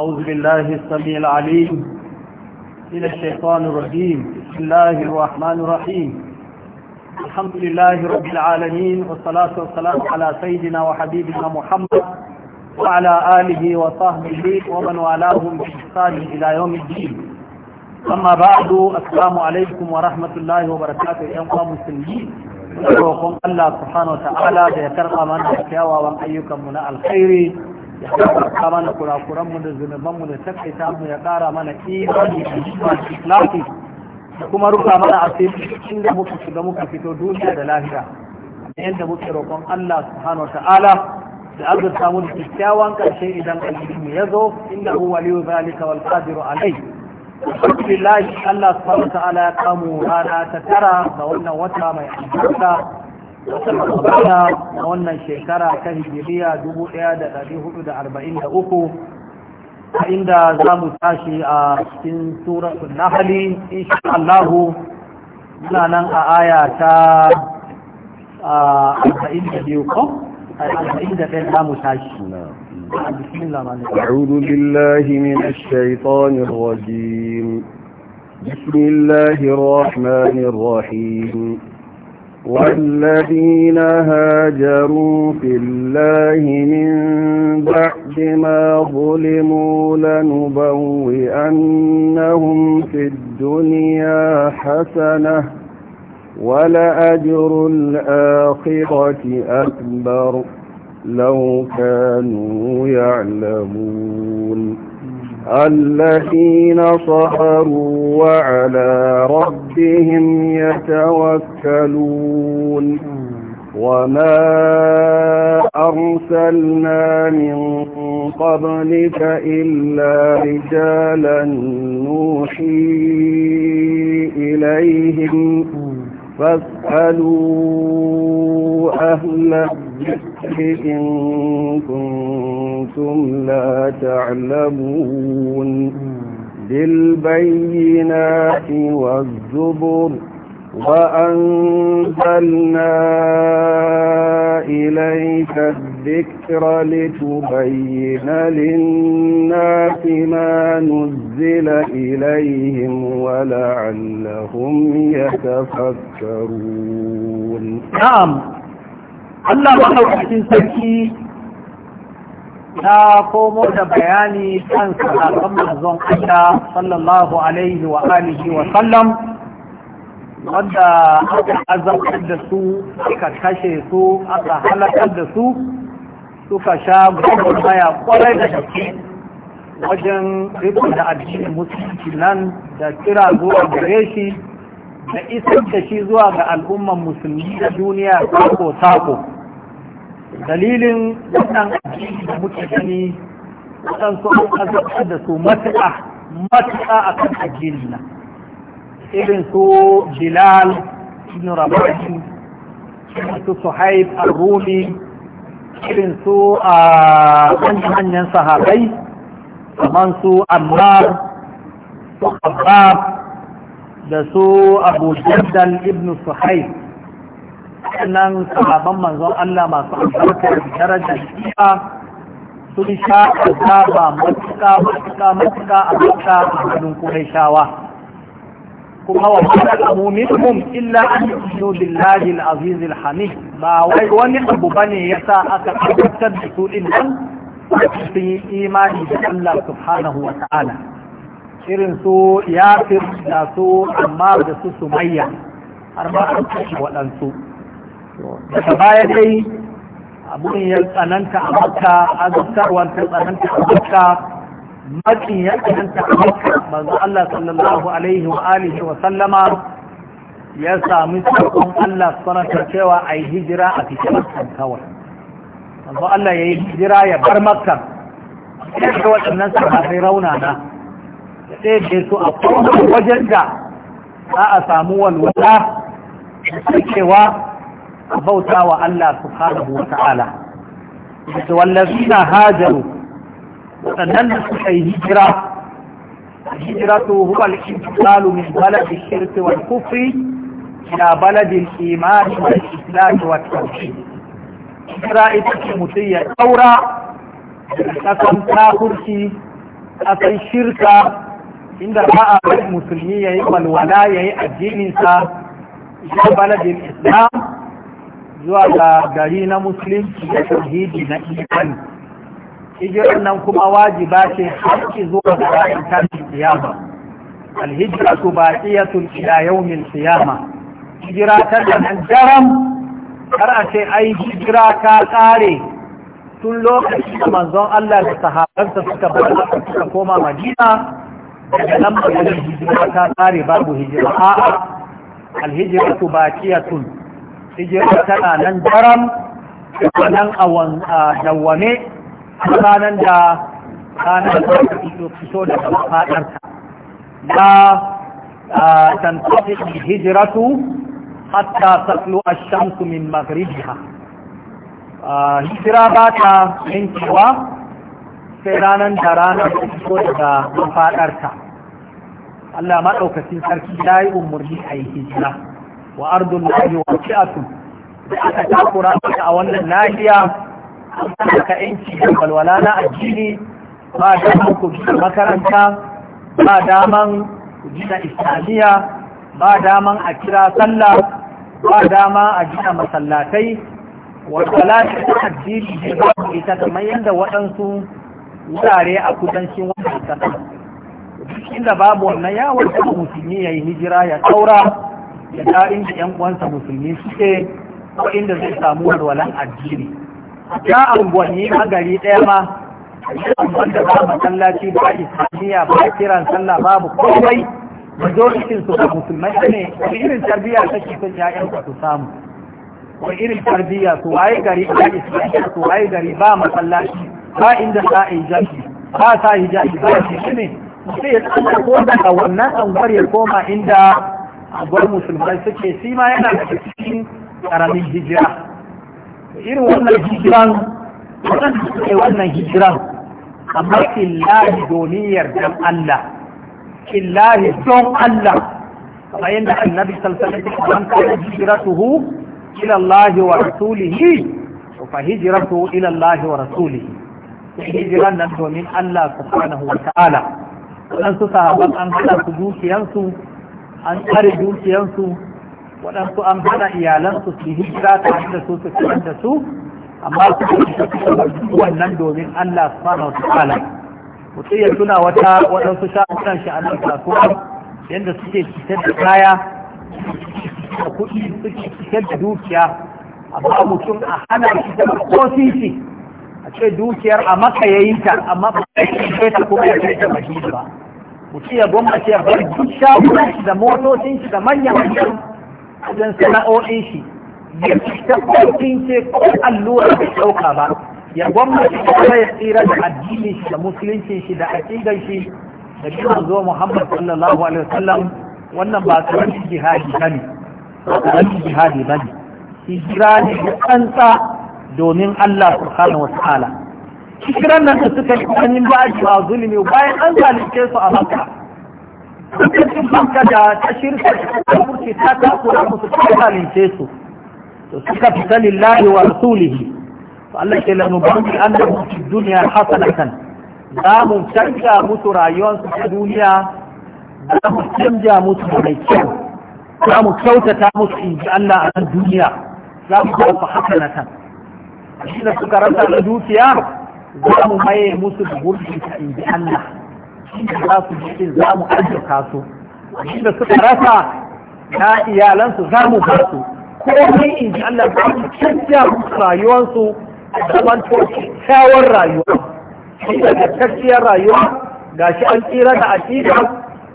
أعوذ بالله السميع العليم من الشيطان الرجيم بسم الله الرحمن الرحيم الحمد لله رب العالمين والصلاة والسلام على سيدنا وحبيبنا محمد وعلى آله وصحبه ومن والاهم بإحسان إلى يوم الدين أما بعد السلام عليكم ورحمة الله وبركاته يا مسلمين roƙon الله سبحانه وتعالى ta'ala من ya ومن أيكم من الخير ya gafarta mana kurakuranmu da zunubanmu da takaita mu ya kara mana imani da islami da kuma rufa mana asiri inda muka shiga muka fito duniya da lafiya da yadda muke roƙon Allah subhanahu ta'ala da azurta mu da kyakkyawan ƙarshe idan alhimi ya zo inda huwa liyu zalika wal qadiru alai alhamdulillah Allah subhanahu ta'ala ya kamu rana ta tara da wannan wata mai albarka wata na wannan shekara ta hijiriya 1443 a inda za mu tashi a cikin suratun nahali insha Allahu muna nan a aya ta 42 ko a 41 za mu tashi بسم الله أعوذ بالله من الشيطان الرجيم بسم الله الرحمن الرحيم والذين هاجروا في الله من بعد ما ظلموا لنبوئنهم في الدنيا حسنة ولأجر الآخرة أكبر لو كانوا يعلمون الذين صحروا وعلى ربهم يتوكلون وما أرسلنا من قبلك إلا رجالا نوحي إليهم فاسألوا أهل إن كنتم لا تعلمون بالبينات والزبر وأنزلنا إليك الذكر لتبين للناس ما نزل إليهم ولعلهم يتفكرون نعم Allah maɗaukakin sarki ta komo da bayani kan sahabban manzon Allah sallallahu alaihi wa alihi wa sallam wanda aka azabtar da su aka kashe su aka halakar da su suka sha gudun baya kwarai da gaske wajen rikon da addinin musulunci nan da kira zuwa gare shi da isar da shi zuwa ga al'umman musulmi da duniya sako sako dalilin wannan addini da muke gani waɗansu an azabtar da su matuƙa matuƙa a kan addini na irin su bilal ibn rabashi irin su suhaib al-rumi irin su a manyan sahabai kamar su ammar su da su abu jardal ibn suhaib nan sahaban manzon Allah masu albarkar daraja a sun sha ba matuka, matuka, matuka, a matuƙa a hannun shawa. kuma wa fara abu minhum illa an yu'minu billahi al-aziz al-hamid ba wai wani abu bane yasa aka tabbatar da su din nan sun yi imani da Allah subhanahu wa ta'ala irin su yafir da su amma da su sumayya har ma an kashe waɗansu daga baya dai abin ya tsananta a makka azabtarwar ta tsananta a makka makin ya tsananta a makka manzo Allah sallallahu alaihi wa alihi wa sallama ya sami sakon Allah sanata cewa a yi hijira a cikin makkan kawai manzo Allah ya yi hijira ya bar makkan ya ga waɗannan sahabbai raunana tsaye su a kowane wajen da za a samu walwala da cewa a bauta wa Allah subhanahu wa ta'ala da na hajaru waɗannan da suka yi hijira الهجرة هو الانتقال من kufri الشرك والكفر إلى بلد الإيمان والإسلام والتوحيد hijira ita ce mutum ya ɗaura da ƙasan kafurci ƙasan shirka inda ba a bari musulmi ya yi walwala ya yi addininsa ila baladin islam zuwa ga gari na musulunci da tauhidi na imani hijirar nan kuma wajiba ce haƙƙi zuwa ga ra'ayin tashin ba alhijratu baqiyatun ila yawmin qiyama hijira ta da nan jaram har a ce ai hijira ta tsare tun lokacin da manzon Allah da sahabarsa suka bar suka koma Madina daga nan yi hijira ta tsare babu hijira a'a alhijira tu bakiyatun hijira tana nan daram nan a dawwame nan da ranar da ta fito da fadarta la tantafi hijiratu hatta tatlu a shamsu min ha. hijira ba ta yankewa sai ranar da ranar da da daga mafaɗarta Allah maɗaukacin sarki ya yi umarni a yi hijira wa ardun yi wa fi'atun da aka takura a wannan nahiya an ka yanki da walwala na addini ba daman ku gina makaranta ba daman ku gina islamiyya ba daman a kira sallah ba dama a gina masallatai walwala ta addini da ba ita kamar yadda waɗansu wurare a kudancin wannan kasar duk inda babu wannan yawon kuma musulmi ya yi hijira ya saura ya da inda yan uwansa musulmi suke ko inda zai samu walwalan addini ya angwanni magari gari ɗaya ma wanda ba tallaci ba islamiyya ba kiran sallah babu komai majoritin su da musulmai ne wani irin tarbiyya take son ƴaƴan su samu wani irin tarbiyya su waye gari ba islamiyya su waye gari ba masallaci ba inda sa hijabi ba sa hijabi ba shi ne sai ya tsaka ko daga wannan anguwar ya koma inda anguwar musulmai suke shi ma yana da cikin karamin hijira irin wannan hijiran wannan suke wannan hijiran amma killahi domin yardan Allah killahi don Allah فإن النبي صلى الله عليه وسلم كانت هجرته إلى الله ورسوله فهجرته إلى wa ورسوله hijiran nan domin Allah subhanahu wa ta'ala waɗansu sahaban an hada su dukiyansu an tsare dukiyansu waɗansu an hada iyalansu su hijira ta da su su kiran da su amma su su wannan domin Allah subhanahu wa ta'ala mutum ya tuna wata waɗansu shafukan shi a nan kasuwa yadda suke fitar da kaya da kuɗi suke fitar da dukiya amma mutum a hana shi da ko sisi a ce dukiyar a maka ya yi ta amma ba a yi ta ta kuma ya kai ta madina ba mutum ya gwamnati ya bar duk shagunan shi da motocin shi da manyan manyan wajen sana'o'in shi ya ta kwaikin ce ko allura da ɗauka ba ya gwamnati kuma ya tsira da addinin shi da musulunci shi da aƙidar shi da kuma zo Muhammad sallallahu alaihi wasallam wannan ba karamin jihadi bane ba karamin jihadi bane hijira ne da tsantsa domin Allah subhanahu wata'ala kiran nan da suka yi ba shi ba zulmi bayan an zalunce su a makka cikin makka da ta shirka ta kurce ta takura musu ta zalunce su to suka fita lillahi wa rasulihi to Allah ke lanu ba mu an da mutu duniya hasanatan za mu canja musu rayuwarsu ta duniya za mu canja musu mai kyau za mu kyautata musu in Allah a nan duniya za mu kawo hasanatan da suka rasa na dukiya za mu maye musu da gurbin ta in ji Allah za su ji za mu arzika su da suka rasa na iyalansu za mu ba su komai in ji Allah za mu canja rayuwarsu zaman to kyakkyawar rayuwa shi da kyakkyawar rayuwa gashi an tsira da aƙida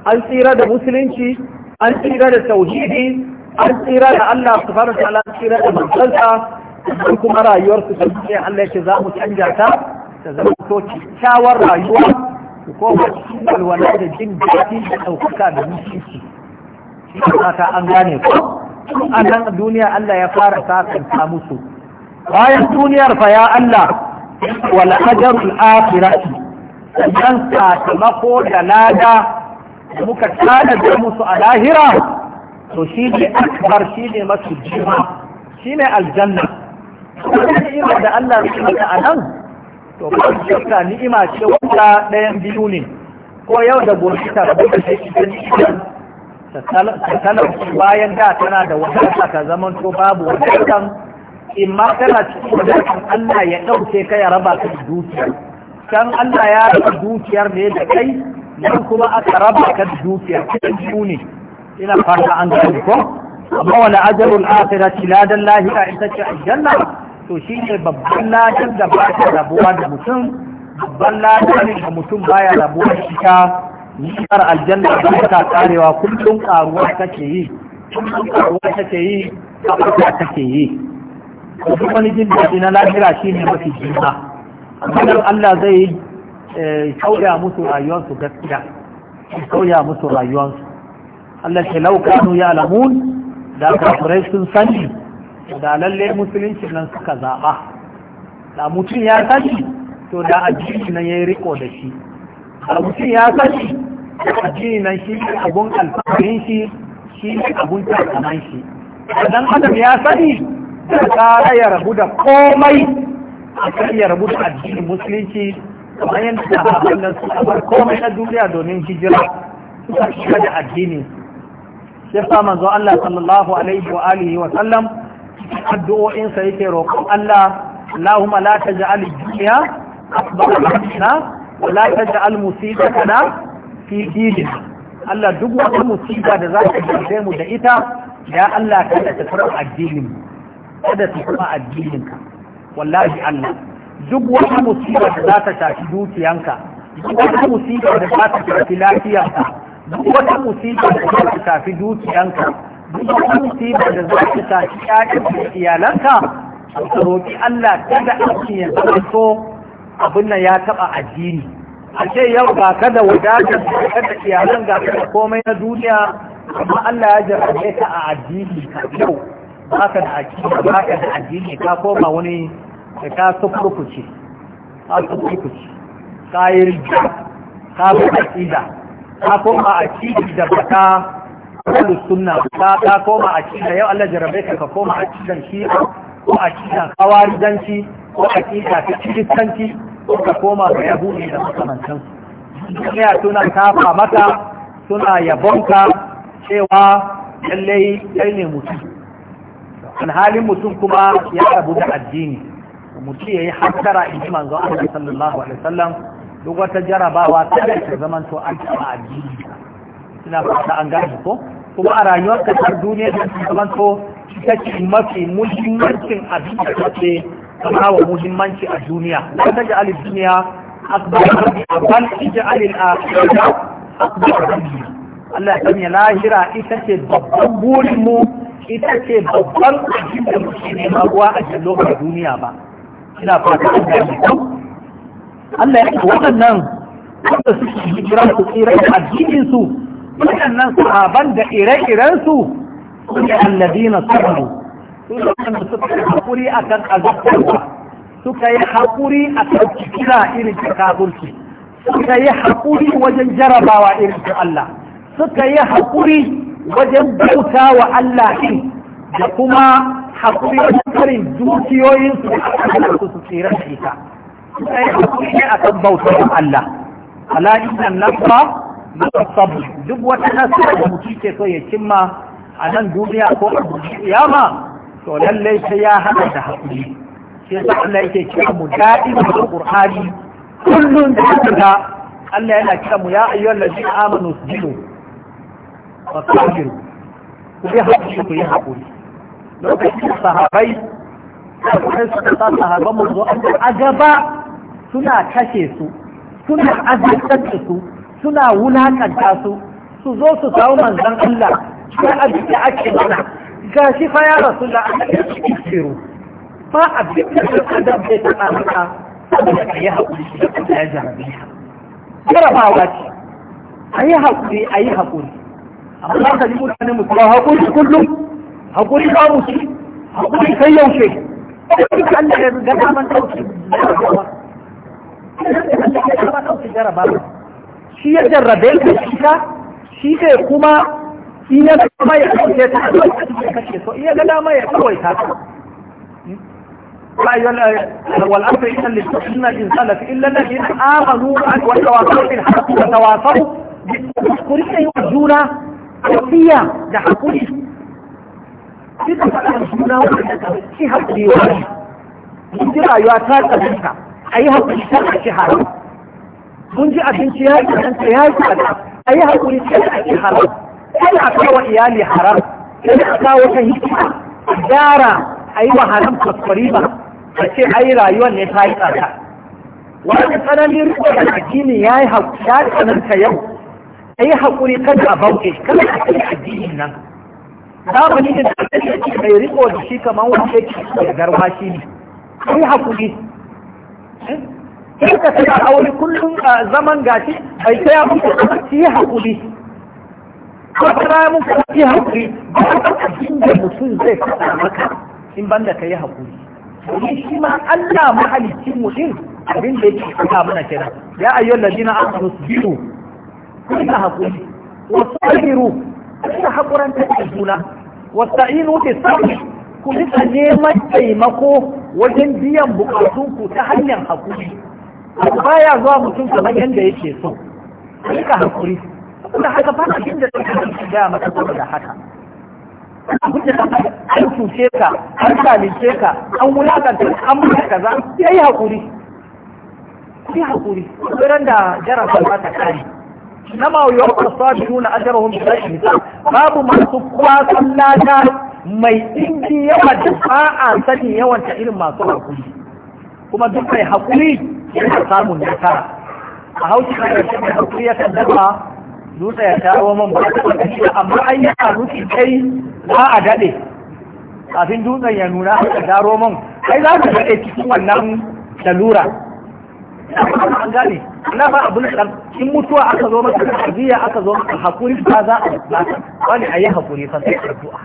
an tsira da musulunci an tsira da tauhidi an tsira da Allah subhanahu wa ta'ala an tsira da manzansa in kuma rayuwarsu ta duniya Allah yake za mu canja ta ta zama to kyakkyawar rayuwa ku koma cikin walwala da jin daɗi da ɗaukaka da mutunci shi ta an gane ko a nan duniya Allah ya fara sasanta musu bayan duniyar fa ya Allah wal ajrul akhirati sannan sakamako da lada muka tsada da musu a lahira to shi ne akbar shi ne masu jima shi ne aljanna wata da Allah ya maka a nan to ba su shakka ni'ima ce wata ɗayan biyu ne ko yau da gobe ta rabu da shi ta ni'ima bayan da tana da wadata ka zaman to babu wadatan in ma tana cikin wadatan Allah ya ɗauke ka ya raba ka da dukiya can Allah ya raba dukiyar ne da kai nan kuma aka raba ka da dukiyar cikin biyu ne ina fata an gani ko amma wala ajarul akira la dallahi a ita ce aljanna to shi ne babban ladar da ba ta rabuwa da mutum babban ladar da mutum baya rabuwa da ita ni'ar aljanna ba ta karewa kullum karuwa take yi kullum karuwa take yi karuwa take yi duk wani jin daɗi na lahira shi ne mafi jima amma Allah zai eh, sauya musu rayuwarsu gaskiya sauya musu rayuwarsu Allah ce lauka kanu ya lamun da kafirai sun sani da lalle musulunci nan suka zaɓa da mutum ya sani to da addini nan ya yi riko da shi da mutum ya sani addini nan shi ne abun alfaharin shi shi ne abun takaman shi idan adam ya sani da tsara ya rabu da komai a kan ya rabu da addinin musulunci kamar yadda ta sahabban da suka bar komai na duniya domin hijira suka shiga da addini. sai sa manzo Allah sallallahu alaihi wa alihi wa sallam addu'o'insa yake roƙon Allah Allahumma la taj'al ad-dunya akbar hamna wa la taj'al musibatana fi dinina Allah duk wata musiba da za ta shafe mu da ita ya Allah kada ta fara addinin kada tafi a addinin ka wallahi Allah duk wata musiba da za ta shafi dukiyanka duk wata musiba da za ta shafi lafiyarka duk wata musiba da za ta shafi dukiyanka duk musibar da za ta tashi ƴaƴan iyalanka ka roƙi Allah kada aiki ya zama so abin nan ya taɓa addini a ce yau ga kada wadatar kada iyalan ga kada komai na duniya amma Allah ya jarabe ka a addini ka yau Ba ka da addini ba ka da addini ka koma wani da ka sukurkuce ka sukurkuce ka yi rija ka bi aƙida ka koma aƙidi da baka ahlus sunna ta ta koma a cikin yau Allah jarabe ka ka koma a cikin shi'a ko a cikin kawarijanci ko a cikin cikin kiristanci ko ka koma ga yahudi da makamantan duniya suna kafa mata, suna yabonka cewa lallai kai ne mutum halin mutum kuma ya rabu da addini mutum ya yi hattara in ji manzo Allah sallallahu alaihi wasallam duk wata jarabawa ta da zaman to an taɓa addini ina fata an gane ko kuma a rayuwarka ta duniya da ta zamanto ita ce mafi muhimmancin abin da ta ce kama wa muhimmanci a duniya Na ta ji alif duniya akbar bal ija alil a akbar Allah ya sanya lahira ita ce babban burin mu ita ce babban abin da muke nema ruwa a jallo ba duniya ba ina fata an gani Allah ya ce waɗannan wanda suke hijira su tsira da addinin su waɗannan sahaban da ire-irensu su ne alladina na su ne wanda suka yi haƙuri a kan azabtarwa suka yi haƙuri a kan kira irin ta kafurci suka yi haƙuri wajen jarabawa irin ta Allah suka yi haƙuri wajen bauta wa Allah ɗin da kuma haƙuri wajen karin dukiyoyinsu a kan su su tsira da ita suka yi haƙuri ne a kan bautar Allah ala inna nasra duk wata nasara da mutum ke so ya cimma a nan duniya ko a yama, to lallai sai ya hada da hakuri shi za Allah yake cewa mu daɗi da Qur'ani kullum da kaga Allah yana kira mu ya ayyuhal ladina amanu sujudu wa tajiru ku bi hakuri ku yi hakuri lokacin sahabai sai suka sa sahaban mu zo a ajaba suna kashe su suna azabtar su suna wulakanta su su zo su kawo manzan Allah ga abin da ake mana ga shi fa ya rasu da shiru fa abin da ka da bai taɓa maka saboda ka yi haƙuri da kuma ya ya ka jarabawa ce a yi haƙuri a yi haƙuri amma ka ji mutane musulman haƙuri kullum haƙuri ba mu shi haƙuri kai yaushe Allah ya riga man ɗauki jarabawa Allah ya riga man ɗauki jarabawa shi ya jarrabe ka ita shi ne kuma in ya dama ya kashe ta a kashe so in dama ya kawai ta والأمر إن للتحسن الإنسان إلا الذين آمنوا وتواصلوا بالحق وتواصلوا بالحق يرجون وصية لحقوق duka faɗin suna wanda shi haƙuri wani. Mun ji rayuwa ta tsarika a yi ta shi Kun ji abinci ya yi kanta ya yi kanta a yi haƙuri sai a ke haram sai a kawo iyali haram sai a kawo ta hikima gyara a yi wa haram kwaskwari ba a ce ai rayuwar ne ta yi tsaka. wani tsananin rikon da addini ya yi tsananta yau a yi haƙuri kada a bauke kada a kai addinin nan zamani da addini mai riko da shi kamar wanda ke garwa shi ne a yi haƙuri eh? Ka suna aure kullum a zaman gashi bai taya muku ci haƙuri ko taya muku ci haƙuri ba abin da mutum zai faɗa maka in banda ka yi haƙuri domin shi ma Allah mahalicin mutum abin da yake faɗa mana kenan ya ayyuhal ladina amanu sabiru kuna haƙuri wa sabiru kuna haƙuran ta juna wa sa'inu bi sabr ku rika neman taimako wajen biyan bukatunku ta hanyar haƙuri abu ya zuwa mutum kamar yadda yake so ka hankuri saboda haka ba na jin da take gaya kuma da haka abin da haka an cuce ka an zalunce ka an wulakanta an mutu kaza yi hakuri ku yi hankuri ran da jarasa ba ta kare nama yau asabiruna ajrahum bi ghairi ta. babu masu kwasan lada mai ɗinki yawa da ba'a sani yawan ta irin masu hakuri kuma duk mai hakuri yadda samun nasara a haushi da yarshen da hakuri ya kan dafa dutse ya tawo man ba ta gani amma an yi a rufi kai za a daɗe kafin dutsen ya nuna a daro man kai za ka daɗe cikin wannan lalura an gane na ba abu da in mutuwa aka zo maka tarbiyya aka zo maka hakuri ba za a wani a yi hakuri kan sai addu'a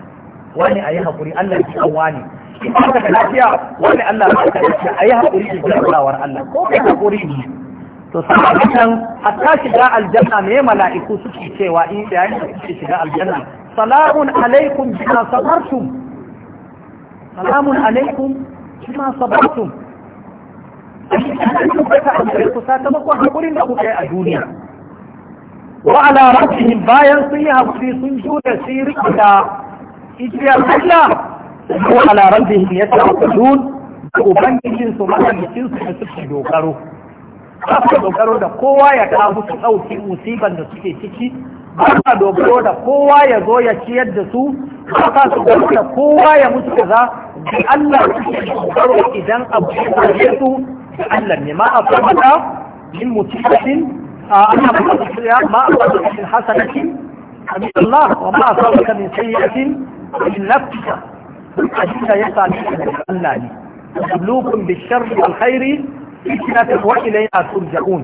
wani a yi hakuri Allah ya ci wani in ba ka lafiya wani Allah ba ka lafiya yi hakuri da jarabawar Allah ko kai hakuri ne to sabanin hatta shiga aljanna ne mala'iku suke cewa in yayin da suke shiga aljanna salamun alaikum bima sabartum salamun alaikum bima sabartum sakamakon hakurin da kuka yi a duniya wa ala rabbihim bayan sun yi hakuri sun sun juda sirri da ijiyar Allah ko ala rabbihim yasta'qilun ubangijin su mahallin su da suke dogaro ba su dogaro da kowa ya kawo su ɗauki musiban da suke ciki ba sa dogaro da kowa ya zo ya ciyar da su ba sa su dogaro da kowa ya musu kaza da Allah suke dogaro idan abu ya same su da Allah ne ma a farmata min musibatin ana mutasiya ma a farmata min hasanatin amin Allah wa ma a farmata min sayyatin min nafsika a abinda ya sami daga Allah ne lukum bi sharri wal khairi fitnatan wa a turja'un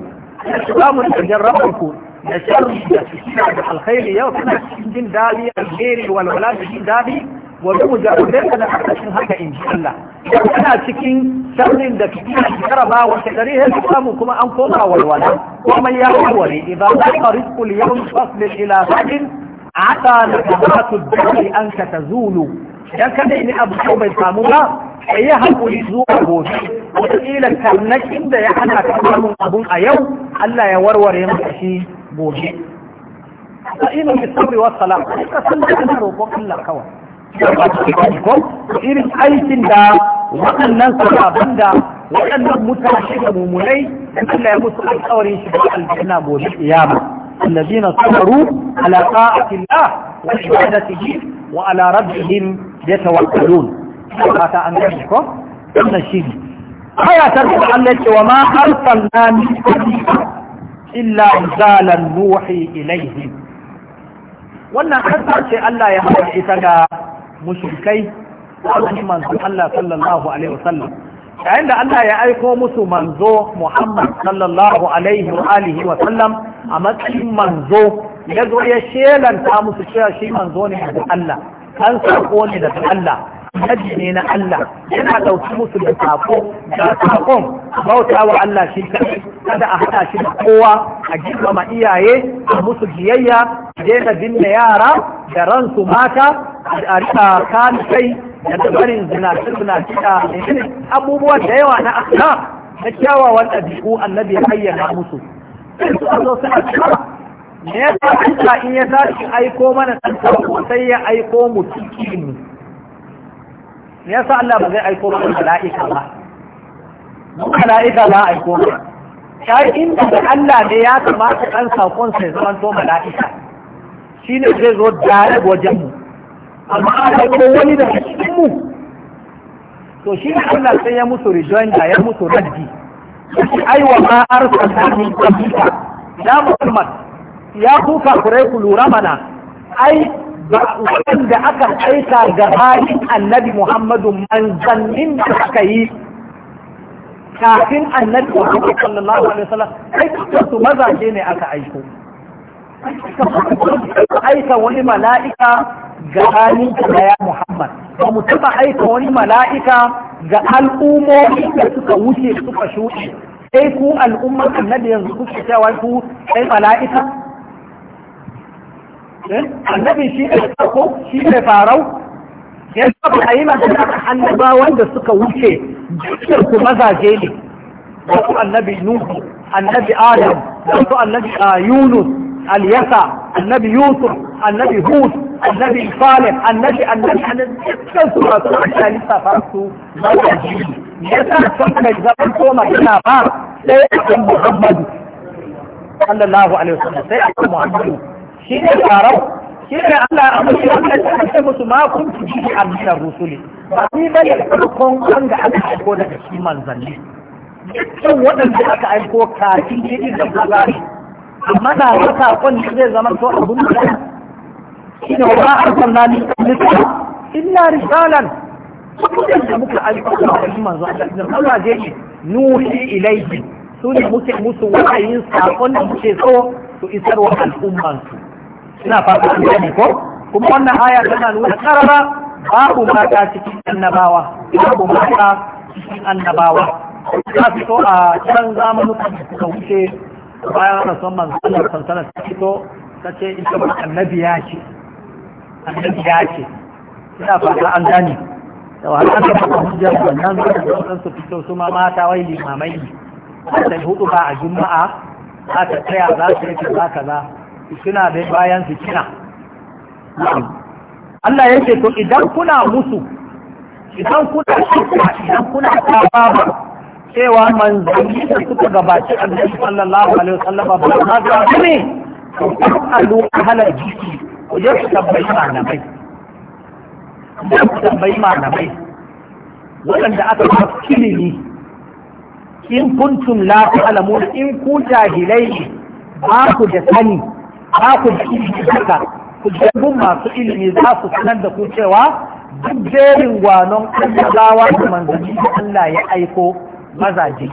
islamu da jarrabanku da sharri da fitna da alkhairi yau kana cikin jin dadi alheri wal wala da jin dadi wa duja da kana cikin haka in ji Allah kana cikin sharrin da fitna da karaba wa kadari har islamu kuma an koma walwala kuma ya warware idan ka rizqul yawm fasl ila sadin ata nabatu bi an ka tazulu dan kada ne abu ko bai samu ba ka yi hakuri zuwa gobe wataƙila tarnakin da ya hana ka samun abun a yau Allah ya warware maka shi gobe sa'inu bi sabri wa salam ka san da ana roƙon Allah kawai ko irin aikin da waɗannan sababan da waɗannan mutane da mummunai Allah ya musu alƙawarin shi da aljanna gobe kiyama الذين صبروا على طاعة الله وعبادته wa ala rabbihim yatawakkalun fata an gani ko wannan shi ne aya ta da Allah ce wa ma arsalna min illa rijalan nuhi ilaihim wannan kasa ce Allah ya haɗa ita ga mushrikai wannan manzo Allah sallallahu alaihi wasallam yayin da Allah ya aiko musu manzo Muhammad sallallahu alaihi wa alihi wa sallam a matsayin manzo ya zo ya shelanta musu cewa shi manzo ne daga Allah kan sako ne daga Allah nabi ne na Allah yana ɗauki musu da sako da sakon bauta wa Allah shi kadai kada a haɗa shi da kowa a girmama iyaye a musu biyayya daina binne yara da ransu mata a rika kan kai da tabarin zinaci zinaci a abubuwa da yawa na akhlaq na kyawawan ɗabi'u annabi ya ayyana musu sai su zo su me ya sa Allah in ya tashi aiko mana ɗan sai ya aiko mu ciki mu me ya sa Allah ba zai aiko mana mala'ika ba mala'ika ba aiko mana Ya inda da Allah ne ya kamata ɗan sakon sai zaman to mala'ika shine zai zo dare wajen mu amma aka ko wani da cikin mu to shi ne Allah sai ya musu rejoinder ya musu raddi ai wa ma arsalna min qablika ya Muhammad ya kuka kafirai ku lura mana ai waɗanda aka aika ga bayin annabi Muhammadu manzannin da aka yi kafin annabi Muhammadu sallallahu alaihi wasallam ai su mazaje ne aka aiko aika wani mala'ika ga halin daya Muhammad ba mu taɓa aika wani mala'ika ga al'ummomi da suka wuce suka shuɗe sai ku al'ummar annabi yanzu kuke cewa ku sai mala'ika النبي شيء يتقو شيء يتعرو يجب الأيمة أن ما وند سكوشة جسرت ماذا جيلي وقال النبي نوح النبي آدم وقال النبي يونس اليسع النبي يوسف النبي هود النبي صالح النبي النبي أن الثالثة فرصو ماذا جيلي يسع فرصو ما جنا فرص سيئة محمد صلى الله عليه وسلم سيئة محمد shi ne farau shi ne Allah a mutu wanda ta ce musu ma kun ci shi a bisa rusuli ba ni ba ne farkon wanda aka aiko daga shi manzanni dukkan waɗanda aka aiko kafin shi da bugari amma na ga sakon kun zai zama to abun da shi ne wa arsalna ni illa risalan da muka aiko da shi manzo Allah zai yi nuhi ilaihi su ne muke musu wa'ayin sakon da muke so su isar wa al'ummansu suna fata an ne ko kuma wannan aya tana nuna karara babu mata cikin annabawa babu mata cikin annabawa ta fito a can zamanin da suka wuce bayan son manzalar sansana ta fito ta ce ita ba annabiya ce annabiya ce ina fata an gane da wani aka fata hujjar wannan zuwa su fito su ma mata wai limamai ne hudu ba a juma'a za ta tsaya za su yi kaza kaza suna da bayan kina Allah yake to idan kuna musu idan kuna shirka idan kuna ba cewa manzanni da suka gabaci annabi sallallahu alaihi wasallam ba ma ga ne to alu ahla jiki ku je ku tambayi malamai ku tambayi malamai waɗanda aka ba ilimi in kuntum la ta'lamun in ku jahilai ba ku da sani Za ku ji ku jabun masu ilimi za su sanar da ku cewa duk jerin gwanon annabawa da manzanni da Allah ya aiko mazaje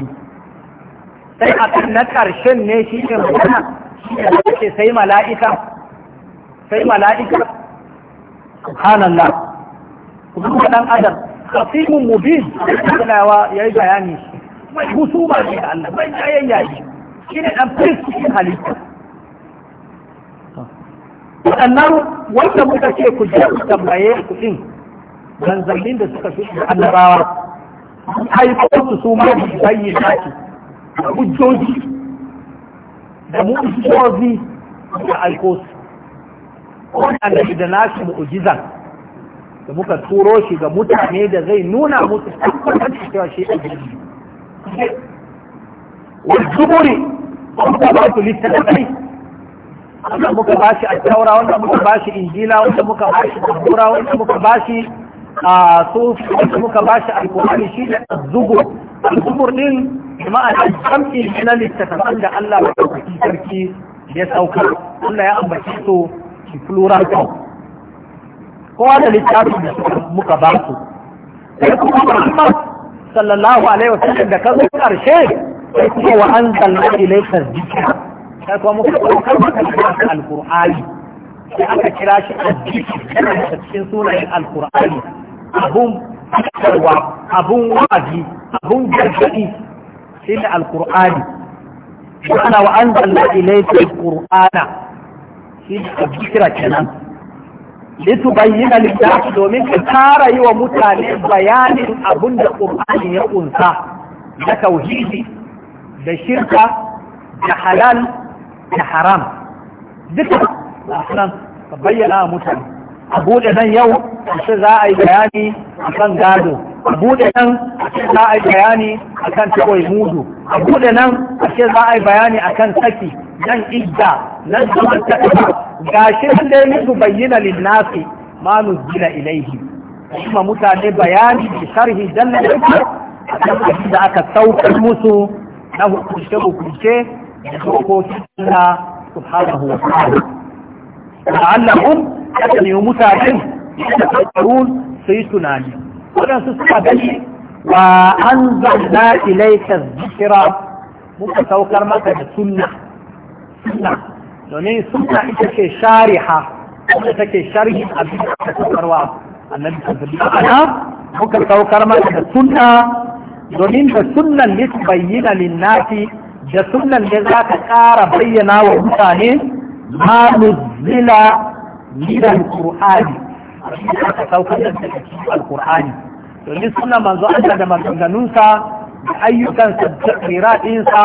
sai a kan na ƙarshen ne shi ke magana shi ne ce sai mala'ika sai mala'ika subhanallah kuma dan adam qasimun mubin Allah ya yi bayani mai husuma ne da Allah mai jayayya shi ne dan fisk halitta waɗannan wanda muka ce ku je ku tambaye ku din zanzannin da suka fi annabawa an haifo su su ma bi bayyana shi hujjoji da mu'ujizozi da aiko su wanda da nashi mu'ujizan da muka turo shi ga mutane da zai nuna musu tabbatar da cewa shi a jirgi wa zuburi ta ba su littattafai wanda muka bashi attaura wanda muka bashi injila wanda muka bashi zabura wanda muka bashi a sufi wanda muka bashi alkur'ani shi ne zubur zubur din ma'ana jam'i na littattafan da Allah ya ɗaukaki sarki ya sauka Allah ya ambaci su shi plural form kowa da littafin da muka ba su sai kuma Muhammad sallallahu alaihi wasallam da kazo karshe sai kuma wa anzalna ilayka dhikra sai kuma muka ɗaukar maka da alkur'ani sai aka kira shi addiki yana cikin sunayen alkur'ani abun karwa abun wa'azi abun gargaɗi shi ne alkur'ani ana wa an zalla ilaika alkur'ana shi ne addikira kenan litubayyana lillahi domin ka tara yi wa mutane bayanin abun da qur'ani ya kunsa da tauhidi da shirka da halal da haram duka nan ka bayyana mutane a buɗe nan yau a za a yi bayani a kan gado a buɗe nan a za a yi bayani a kan tawai mudu a buɗe nan a ce za a yi bayani a kan saki nan idda nan zaman ta ga shi nan dai mutu bayyana linnasi ma nuzila ilaihi kuma mutane bayani da sharhi dan da aka saukar musu na hukunce hukunce da dokokin Allah subhanahu wa ta'ala la'allahum yakunu mutakin yatafakkarun sai tunani Wannan su suka gani wa anzalna ilayka dhikra muka saukar maka da sunna sunna domin sunna ita ce shariha wanda take sharhi abin da ta saukarwa annabi sallallahu alaihi muka saukar maka da sunna domin da sunnan lisbayyana lin-nasi da sunan da za ka ƙara bayyana wa mutane ma nuzila minan qur'ani da ka saukar da cikin alqur'ani domin suna manzo Allah da maganganunsa da ayyukansa da qira'insa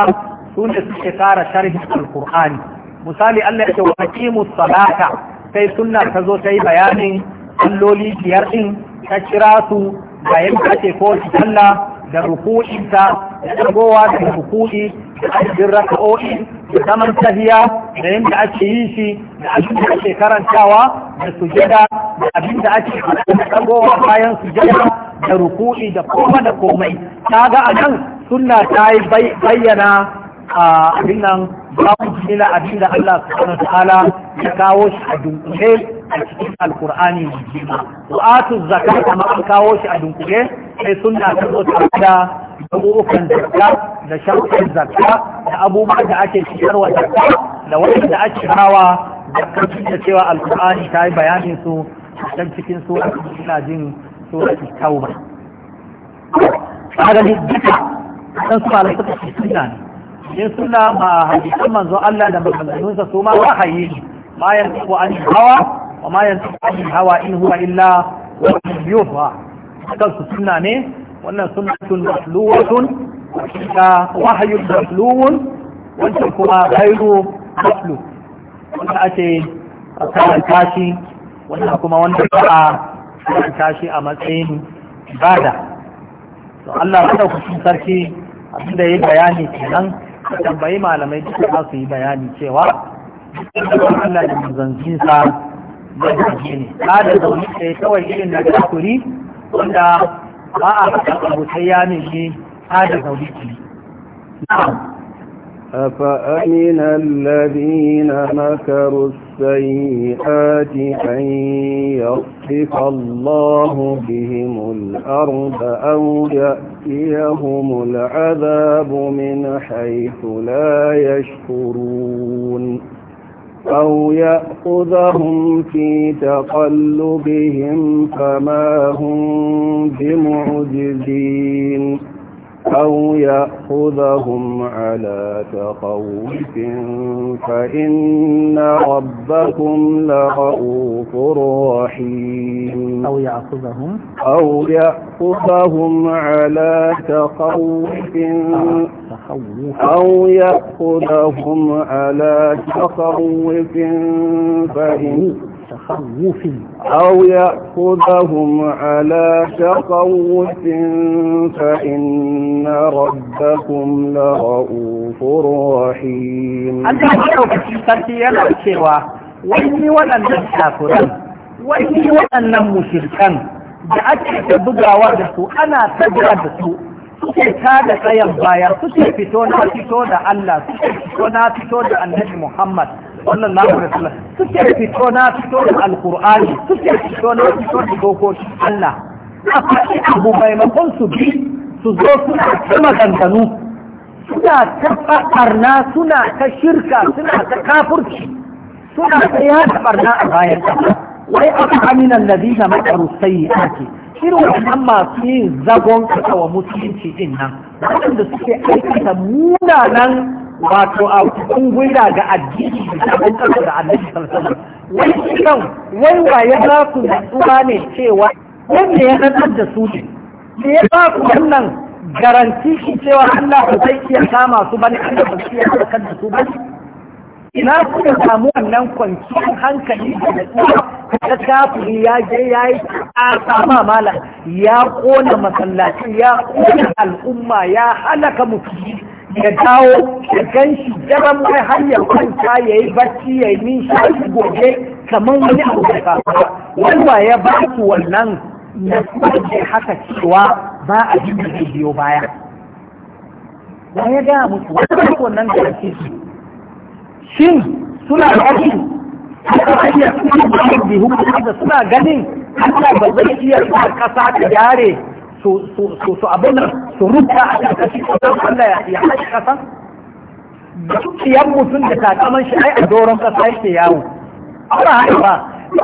su ne suke ƙara sharhin alqur'ani misali Allah ya ce wa aqimus salata sai sunna ta zo ta yi bayanin alloli biyar ɗin ta kira su bayan ce ko sallah da ruku'inta da dagowa da ruku'i da adadin raka'o'i da zaman tahiya da yadda ake yi shi da abin da ake karantawa da sujada da abin da ake karantawa bayan sujada da ruku'i da koma da komai ta ga a nan sunna ta yi bayyana a abin nan babu jimila abin da Allah subhanahu wa ta'ala ya kawo shi a dunkule a cikin alkur'ani mai jima wa'atu zakata ma an kawo shi a dunkule sai suna ta zo tare da abubuwan zakka da sharfin zakka da abubuwan da ake shigarwa zakka da wani da ake hawa da su da cewa alkur'ani ta yi bayanin su can cikin surat ina jin surat tauba kaga ne duka dan su malaka ta sunna ne in sunna ma hadisan manzo Allah da maganganunsa su ma wahayi ne ma yantiqu an hawa wa ma yantiqu an hawa in huwa illa wa yuha hakan su suna ne wannan sunnatun mahluwatun ta wahayun mahluwun wancan kuma khairu mahlu wanda ake karanta shi wannan kuma wanda ba a karanta shi a matsayin ibada to Allah ya kusa sarki abinda ya bayani kenan a tambayi malamai duka za su yi bayani cewa Allah da sa da ne ta da zaune kawai irin na kafuri wanda ba a abu sai ya nemi أفأمن الذين مكروا السيئات أن يصف الله بهم الأرض أو يأتيهم العذاب من حيث لا يشكرون أو يأخذهم في تقلبهم فما هم بمعجزين أو يأخذهم على تخوف فإن ربكم لرؤوف رحيم أو يأخذهم أو يأخذهم على تخوف أو يأخذهم على تخوف فإن تخوف أو يأخذهم على تخوف فإن ربكم لرؤوف رحيم أنت أخذ في سنتي أنا أشيوا وإني ولن نشافرا وإني ولن نمشركا جاءت تبقى وردسو أنا تبردسو suke tada tsayan baya suke fito na fito da Allah suke fito na fito da annabi Muhammad wannan na kuma sallah suke fito na fito da alkur'ani suke fito na fito da dokokin Allah a faɗi abu maimakon su bi su zo suna ta maganganu suna ta ɓarna suna ta shirka suna ta kafurci suna ta yada ɓarna a bayan ƙasa wai aka aminan nabi na makaru sai ke, shirin wannan masu yin zagon kasa wa musulunci din nan waɗanda suke aikata munanan wato a kun gwiwa ga addini da abin kasa da annabi sallallahu wai kan wai waye za su natsuwa ne cewa wanda ya nadar da su ne me ya ba ku wannan garanti shi cewa Allah ba zai iya kama su bane Allah ba zai iya halakar da su bane ina kuka samu wannan kwanciyar hankali da natsuwa ta kafiri ya je ya yi a sama mala ya kona masallaci ya kona al'umma ya halaka mutum ya dawo ya gan shi daban mai hanyar kwanta ya yi barci ya yi nishi gobe kamar wani abu da kafa wanda ya ba su wannan na kwanke haka cewa ba a ji da biyo baya ba ya gaya musu wani ba wannan da ake su shin suna da ake haka hanyar suna da hukumar da suna ganin Allah ba zai iya kasa ta yare su su abin nan su rubuta a ƙarƙashin ƙasar Allah ya haɗe ƙasa dukiyar mutum da takaman shi ai a doron ƙasa yake yawo ana haifa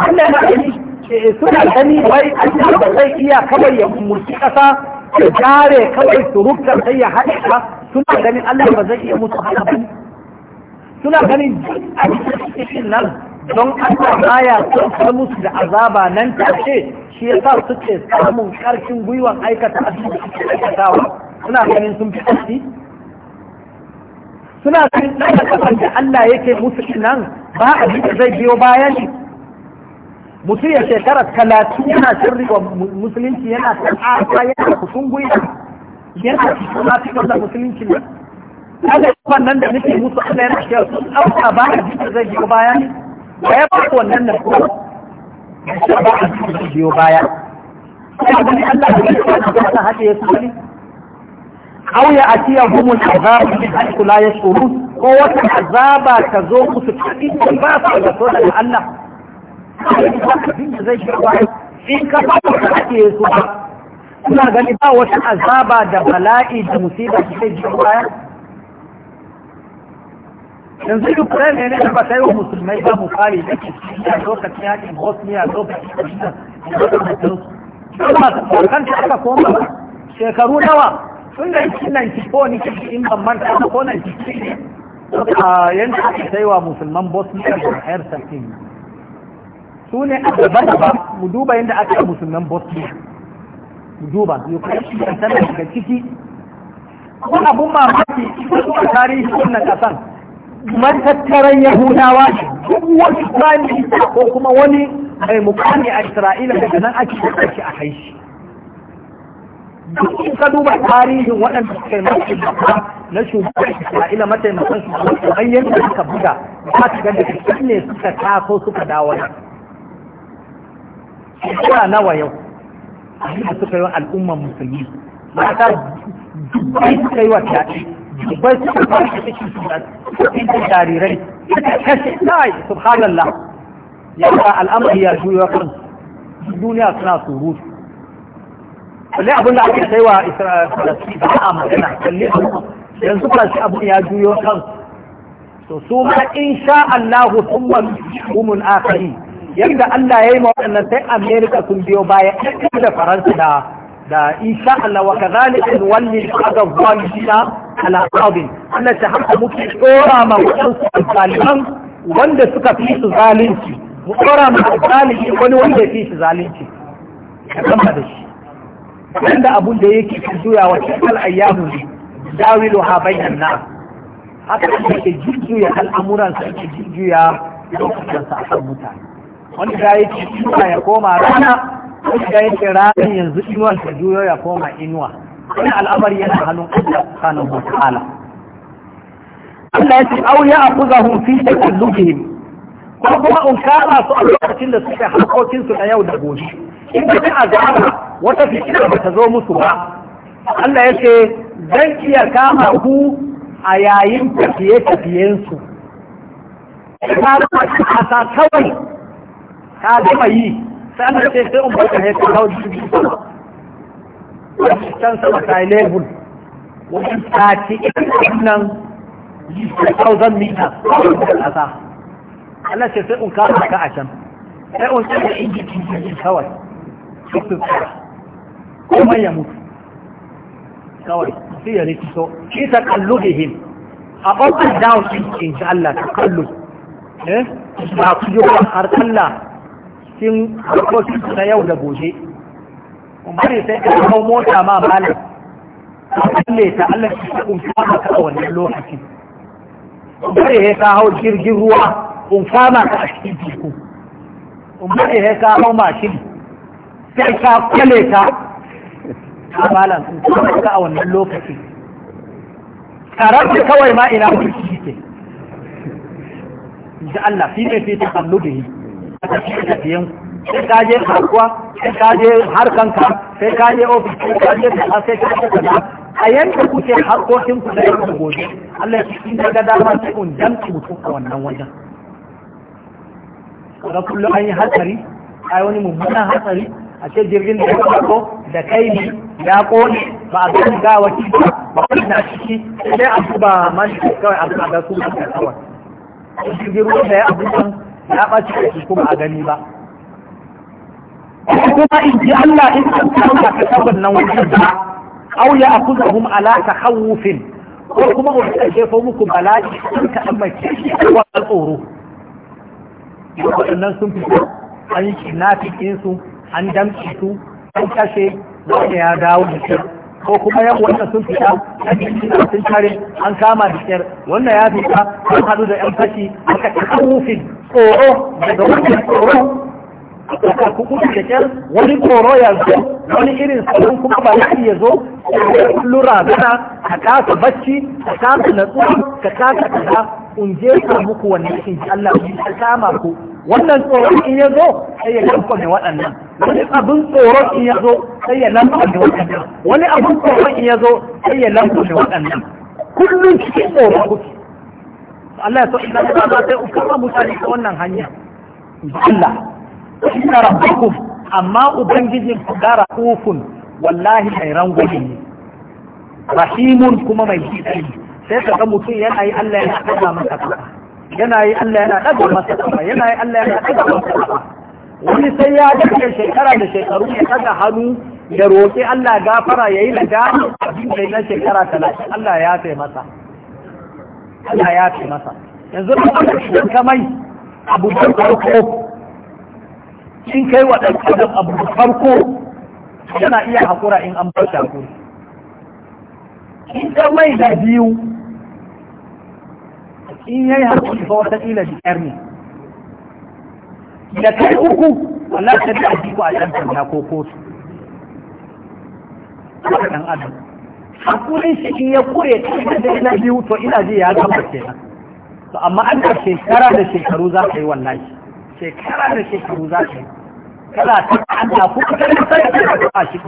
Allah ya haɗe suna gani wai Allah ba zai iya kawai ya mulki ƙasa ya jare kawai su rubuta sai ya haɗe ƙasa suna ganin Allah ba zai iya mutu haka ba suna ganin a cikin nan don Allah ya son musu da azaba nan take shi yasa suke samun karfin gwiwan aikata a cikin aikatawa suna ganin sun fi ƙarfi suna ganin ɗaya kafar da Allah yake musu nan ba a da zai biyo baya ne mutum ya shekara talatin yana shirri wa musulunci yana ta'ata yana kusun gwiwa yana kusun da musulunci ne kaga kafar nan da nake musu Allah yana shirri ba a da zai biyo baya ne ba ya ba wannan na kuma ba a biyo baya ya gani da yake wannan ya aw ya ko wata azaba ta zo musu cikin ba su da so daga Allah zai ba ka ba ta su ba kuna gani ba wata azaba da bala'i da musiba da take baya yanzu ukraine ne da ba ta musulmai ba mu kare da ke a lokacin yakin bosnia lokacin kashina da lokacin su kan ta aka koma shekaru nawa tun da cikin nan kifo ni kifo in ban manta ko nan kifo ne yanzu aka ta yi wa musulman bosnia da herzegovina su ne a gaba gaba mu duba yadda aka musulman bosnia mu duba Yau ukraine tana daga ciki kuma abun mamaki ko tarihi wannan kasan matattaran yahudawa ne wasu sami ko kuma wani mai mukami a isra'ila daga nan ake ake a kai shi in ka duba tarihin waɗanda suka yi masu na shugaban isra'ila mataimakan shugaban kamar yadda suka buga ba su ga da ne suka taso suka dawo nan shekara nawa yau da suka yi wa al'ummar musulmi mata dubbai suka yi wa fyaɗe dubbai suka fara da cikin cikin jarirai suka kashe kai subhanallah yadda al'amari ya juyo kan duniya suna surutu kalli abin da ake sai wa isra'ila ba a magana kalli yanzu kashi abin ya juyo kan to su ma in sha Allah sun umul akari yadda Allah ya yi ma waɗannan sai Amerika sun biyo baya da Faransa da da insha Allah wa kadhalika nuwalli ba'd adh-dhalimina ala qadin ana ta haka muke tsora ma wadansu zaliman wanda suka fi su zalunci mu tsora ma zalimi wani wanda ya fi su zalunci ka kama da shi wanda abun da yake juya wa cikin ayyamu ne dawilu ha bainan nas haka ke jujjuya al'amuran su ke jujjuya lokacin sa akan mutane Wani ya yi ya koma rana wanda yake ranar yanzu inuwar ta juyo ya koma inuwa wani al'amari yana hannun Allah subhanahu wa ta'ala Allah ya ce au ya akuzahum fi takallubihim ko kuma in kama su a lokacin da suke harkokin su na yau da gobe in ka a gaba wata fitina ba ta zo musu ba Allah ya ce zan iya kama ku a yayin tafiye-tafiyensu ka kawai ta gama yi sai an ce sai umar ka haifi kawo jirgi can sama ta yi lebul wajen sati nan 1000 mita a ƙasa Allah ce sai in kawo haka a can sai un sai da inji cikin kawai kuma ya mutu kawai sai ya rikiso shi ta da him a ɓangar down in shi Allah ta kallu eh ba ku yi har Allah cikin harkokin na yau da goje bari sai ka kawo mota ma malam a kalle ta Allah shi ta kumfa ka wannan lokacin bari sai ka hawo jirgin ruwa fama ka a cikin teku bari sai ka hawo mashin sai ka kwale ta a malam kumfa ka a wannan lokacin karar kawai ma ina kuma shi ke Insha Allah fi ne fi ta kallo da yi tafiye-tafiyen sai ka je kasuwa sai ka je harkanka sai ka je ofis sai ka je kaza sai ka je kaza a yanda kuke harkokin ku da yau gobe Allah ya cikin daga dama sai kun danki mutum a wannan wajen kaga kullum an yi hatsari a wani mummunan hatsari a ce jirgin da ya farko da kai ne ya kone ba a gani gawaki ba ba wani na ciki sai a duba man kawai a ga su kawai jirgin ruwa da ya abubuwan ya ɓaci kake kuma a gani ba kuma in ji Allah in an tsaya ka sabon nan wajen ba au ya kuma ala hawufin ko kuma wani ƙarshe ko muku bala'i sun ka amma kishi wa tsoro waɗannan sun fito an yi kinafi ɗinsu an damƙe su an kashe wanda ya dawo da shi ko kuma yan wanda sun fita sun tare an kama da kyar wannan ya fita an haɗu da yan fashi aka kawufin tsoro daga wannan tsoro aka kuku da kyar wani tsoro ya zo wani irin sauran kuma ba ya ya zo lura gana ka kasa bacci ka kasa natsuwa ka kasa kaza in je ka muku wannan in ji Allah ya ta kama ku wannan tsoron in ya zo sai ya lamfa ne waɗannan wani abin tsoron in ya zo sai ya lamfa ne waɗannan wani abin tsoron in ya zo sai ya lamfa ne waɗannan kullum cikin tsoron kuke Allah ya so in ka ba sai uku mu mutane ta wannan hanya Allah inna rabbakum amma ubangijin ku gara rahufun wallahi mai rangwame ne rahimun kuma mai jiƙa sai ka ga mutum yana yi Allah yana ɗaga masa kafa yana yi Allah yana ɗaga masa kafa yana yi Allah yana ɗaga masa kafa wani sai ya daga shekara da shekaru ya ɗaga hannu ya roƙi Allah gafara ya yi laga abin da na shekara talatin Allah ya fi masa Allah ya fi masa yanzu da aka ka mai abu da farko in kai wa ɗan adam abu da farko yana iya haƙura in an bar shakuri in ka mai da biyu in yi hakuri fa wata kila da ne da kai uku Allah ta da ajiko a ɗan sanda ko kotu haka ɗan adam hakurin shi in ya kure ta da ina biyu to ina je ya gaba kenan to amma an da shekara da shekaru za ka yi wallahi shekara da shekaru za ka yi kana ta Allah kuka da sai ka ta shi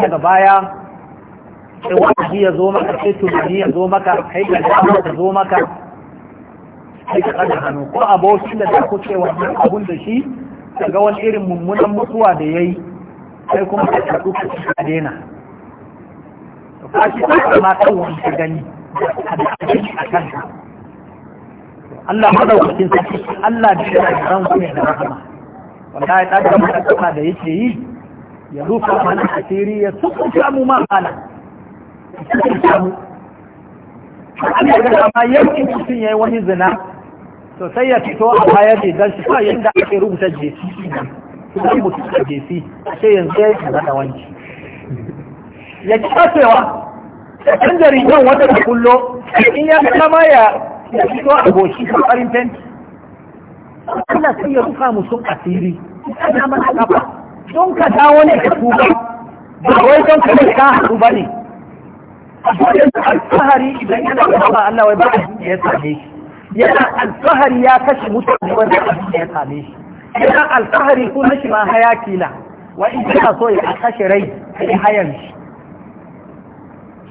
daga baya sai wa'azi ya zo maka sai tunani ya zo maka sai ga dama ya zo maka sai ka ɗaga hannu ko abokin da ta kuce wannan abun da shi ga wani irin mummunan mutuwa da ya yi sai kuma ka karɓi ka ci ka daina ka ɗaga ma kan wani ka gani a kanka Allah madaukakin sarki Allah da ya ran ku ne da rahama wanda ya ɗaga mata da yake yi ya rufa mana asiri ya sukuta mu ma malam amma yau mutum ya yi wani zina to sai ya fito a bayan rigar shi ba yadda ake rubuta jesi kuma mutum da jesi sai yanzu ya yi kaza da wanki. ya ci kasewa ɗan jaridan wata da kullo in ya kama ya fito a goshi a farin fenti Allah sai ya rufa musu asiri ya ina mana kafa don ka dawo ne ka tuba ba wai don ka ka haɗu ba ne alfahari idan yana gaba Allah wai ba abin da ya same shi yana alfahari ya kashe mutane wanda abin da ya same shi yana alfahari kuma shi ma haya na wa in kana so ya kashe rai kai hayan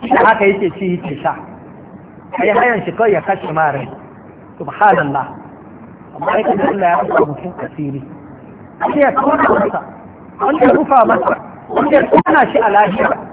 shi da haka yake ci yake sha kai hayan shi kai ya kashe ma rai subhanallah amma ai kan Allah ya rufa mutum asiri sai ya kawo ka, wanda rufa masa wanda ya kana shi a lafiya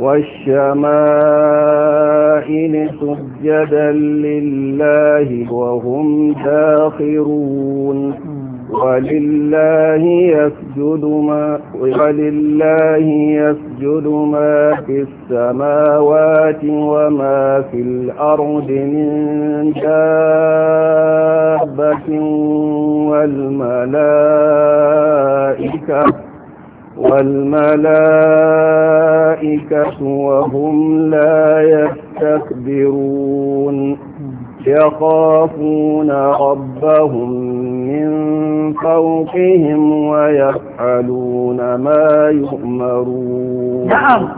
والشمائل سجدا لله وهم داخرون ولله يسجد ما ولله يسجد ما في السماوات وما في الأرض من دابة والملائكة والملائكة وهم لا يستكبرون يخافون ربهم من فوقهم ويفعلون ما يؤمرون نعم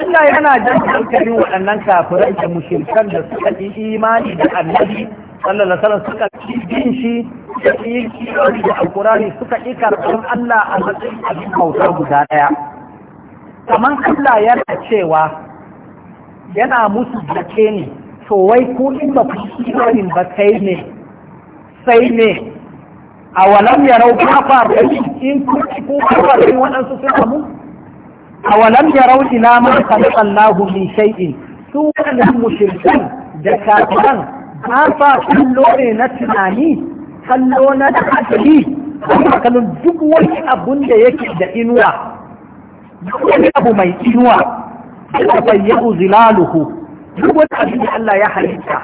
إلا أنا جمع الكريم أن ننكافر أنت مشركا لسكة إيماني بالنبي sallallahu alaihi wasallam suka ci bin shi da yin da alkurani suka ƙi karɓar Allah a matsayin abin bauta guda ɗaya kamar Allah yana cewa yana musu jake ne to wai ko in ba ku imanin ba kai ne sai ne a walam ya yarau kafar in ku ko kafar waɗansu sun samu. amu awalam yarau ila ma khalaqa Allahu min shay'in su wadannan mushrikan da kafiran kafa kallo ne na tunani kallo na ta'adili kuma kallon duk wani abun da yake da inuwa duk wani abu mai inuwa ya bayyahu zilaluhu duk wani abu da Allah ya halitta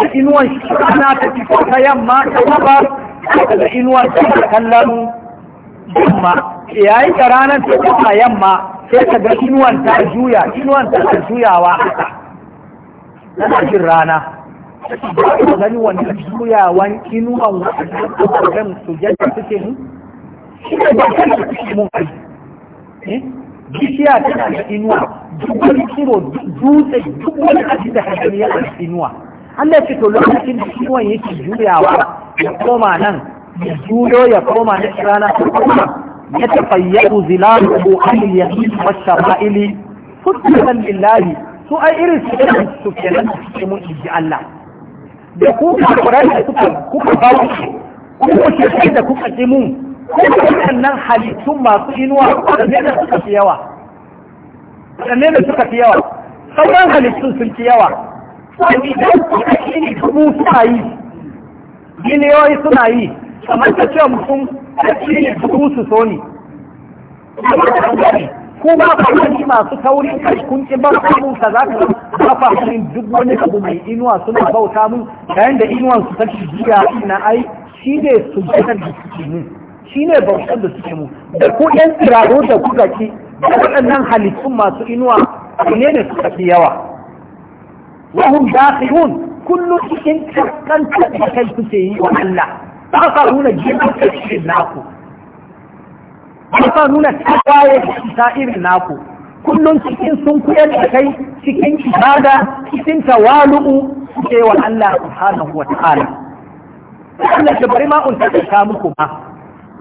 da inuwan shi kana ta fito ta yamma ta gaba da inuwan ta da kallon yamma yayin da ranar ta yamma sai ta ga inuwan ta juya inuwan ta juyawa haka na jin rana ba ku gani wanda juyawan inuwan wajen kusurren su jadda suke mu shi ne ba kan da suke mun kai eh? bishiya tana da inuwa duk wani tsiro dutse duk wani abin da hajjani ya ɗauki inuwa An da fito lokacin da inuwan yake juyawa ya koma nan ya juyo ya koma na rana ta koma ya tafayyadu zilalu ko yamin wasu sha'ili fuskan lillahi su ai irin su irin su nan su mun ji Allah da ku ka kuka kuka ba ku kuka ce kai da kuka ji mun halittun masu inuwa ne da suka fi yawa ne da suka fi yawa sauran halittun sun fi yawa sai idan kuka ci ne dubu suna yi biliyoyi suna yi kamar ta ce mutum a ci dubu su so ne ko ba fahimci masu taurin kai kun ki bar abun ka za ka ba fahimci duk wani abu mai inuwa suna bauta mun yayin da inuwan su take jiya ina ai shi ne su jiya da suke mu shi ne bautar da suke mu da ko yan da kuka ki da waɗannan halittun masu inuwa ne ne su fi yawa wahum dakhilun kullu cikin kaskanta da kai suke yi wa Allah ba ka nuna jiya da naku ba nuna takwa ya ta irin naku kullum cikin sun kuyar da kai cikin ibada cikin tawalu'u suke wa Allah subhanahu wa ta'ala Allah ke bari ma'un ta ta muku ma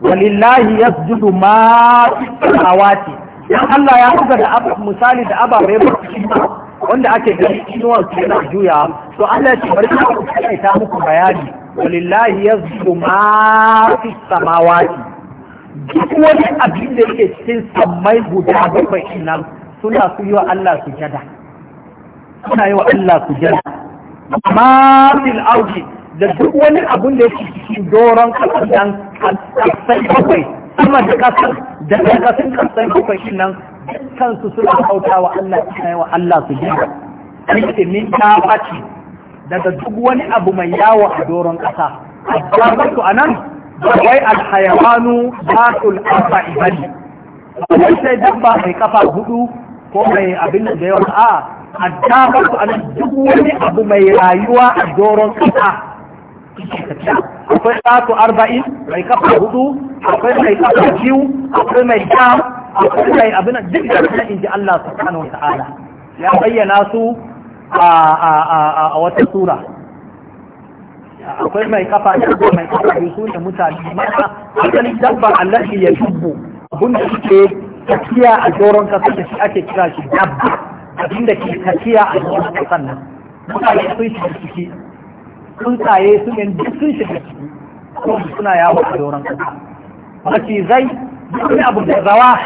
walillahi yasjudu ma fi samawati dan Allah ya buga da misali da ababai ba wanda ake gani inuwar su yana juya to Allah ke bari ma'un ta kai muku bayani walillahi yazdu ma fi samawati duk wani abin da yake cikin sammai guda bakwai ina suna su yi wa Allah jada suna yi wa Allah jada amma fil auki da duk wani abin da yake cikin doron kasar nan kasar bakwai sama da kasar da ɗan kasar kasar bakwai nan kansu suna hauta wa Allah suna yi wa Allah sujada yake min ta daga duk wani abu mai yawo a doron kasa a su anan wai alhayawanu batul afa ibadi wai sai dabba mai kafa hudu ko mai abin da yawa a addaba su an duk wani abu mai rayuwa a doron kasa akwai ɗatu arba'in mai kafa hudu akwai mai kafa biyu akwai mai jam akwai mai abin duk da na inji Allah subhanahu wa ta'ala ya bayyana su a wata sura akwai mai kafa da mai kafa da su ne mutane mata asalin dabba Allah ya tubbu abun da suke tafiya a doron kasa da shi ake kira shi dabba abin da ke tafiya a doron kasa nan mutane sun da ciki sun tsaye sun yin duk sun da ciki ko suna yawo a doron kasa mafi zai duk abu da zawa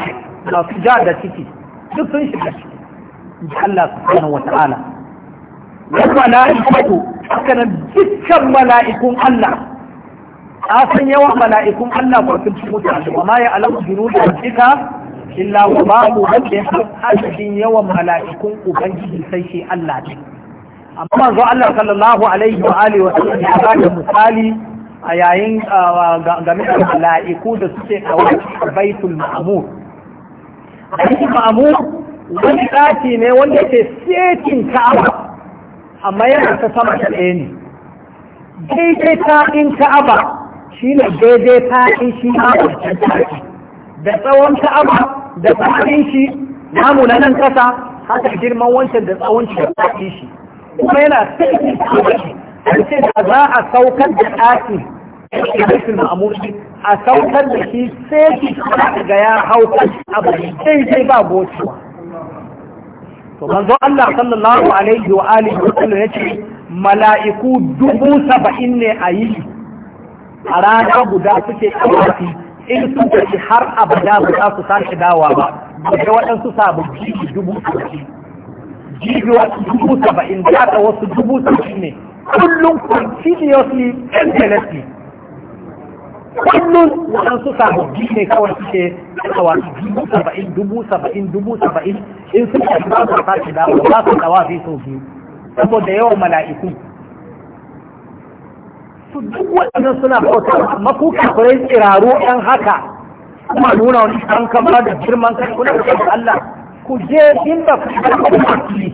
su ja da ciki duk sun shiga ciki Allah subhanahu wa ta'ala yadda na yi haka nan dukkan mala'ikun Allah a san yawan mala'ikun Allah ba sun ci mutane ba ma ya alamu junu da jika illa wa babu wanda ya san adadin yawan mala'ikun ubangiji sai shi Allah ne amma manzo Allah sallallahu alaihi wa alihi wa sallam ya ba da misali a yayin game da mala'iku da suke kawai baitul ma'mur baitul ma'mur wani ɗaki ne wanda ke setin ka'aba amma yana ta sama ta ɗaya ne daidai faɗin ka'aba shi ne daidai in shi ma ta da tsawon aba da faɗin shi namu na nan ƙasa haka girman wancan da tsawon shi da shi kuma yana sai shi ce da za a saukar da ɗakin Ibrahim a saukar da shi sai ki ga ya hau kan abu daidai ba gocewa. to manzo Allah sallallahu alaihi wa alihi wa sallam yace mala'iku dubu saba'in ne a yi a rana guda suke kawafi in sun tafi har abada ba za su sake dawa ba daga waɗansu sababbi dubu saba'in jibi wasu dubu saba'in da wasu dubu saba'in ne kullum continuously endlessly kullum waɗansu sababbi ne kawai suke kawa dubu saba'in dubu saba'in dubu saba'in in sun tafi ba su tashi da ba su kawa zai sau biyu saboda yawan mala'iku su duk waɗannan suna bauta amma ku kafirai tsiraru ɗan haka kuma nuna wani ɗan kamar da girman kai kuna da Allah ku je inda ku yi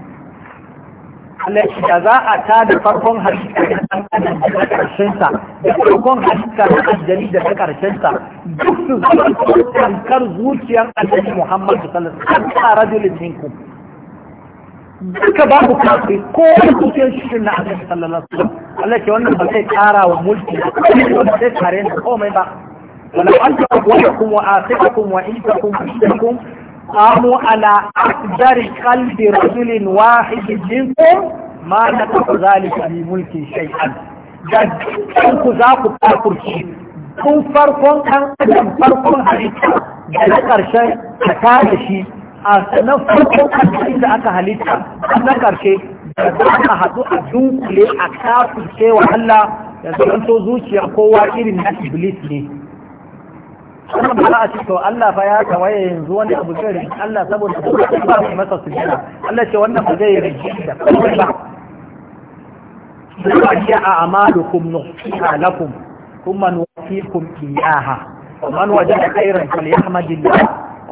alaiki da za a ta da farkon halitta na ɗan adam da na ƙarshensa da farkon halitta na aljali da na duk su tankar zuciyar annabi muhammad sallallahu alaihi wasallam rajulin minkum duka ko wani zuciyar shirin na annabi sallallahu alaihi wasallam Allah ke wannan ba zai ƙara wa mulki ba zai kare ni komai ba ولو أنتم أقوالكم وآخركم وإنسكم وإنسكم قاموا على أقدر قلب رجل واحد منكم ما نقص ذلك من ملك شيئا ku za ku kafurci tun farkon ɗan adam farkon halitta da na ƙarshen a tada shi a na farkon ƙarshen da aka halitta na ƙarshe da za ka haɗu a dunkule a Allah da zuciya kowa irin na ne wannan ba a cikin Allah fa ya tawaye yanzu wani abu zai rigi Allah saboda ba mai masa jira. Allah ce wannan ba zai rigi da kuma ba Zuwaji a amalukum nufiha lakum kuma nufikum iyaha man wajada khairan falyahmadillah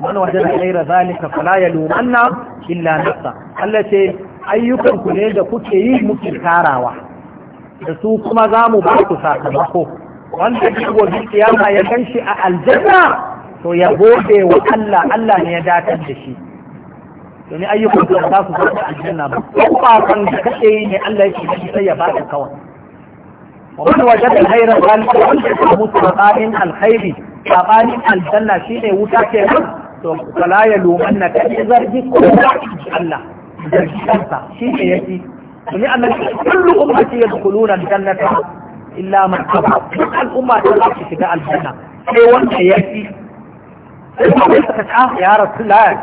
man wajada khaira zalika fala yalumanna illa nafsa Allah ce ayyukanku ne da kuke yi muke karawa da su kuma za mu ba ku sakamako wanda shi gobe kiyama ya gan shi a aljanna to ya gode wa Allah Allah ne ya datar da shi domin ayyukan da za su zama aljanna ba ko ba kan da kake ne Allah ya ce sai ya baka kawai ومن وجد الخير ذلك وانت تموت بقائن wuta بقائن to kala ya lumanna ka zargi ko Allah zargi kansa shi ne yake domin Allah kullu ummati yadkhuluna aljanna illa man duk al'umma ta za su shiga aljanna sai wanda ya fi sai suka ta ya rasulullah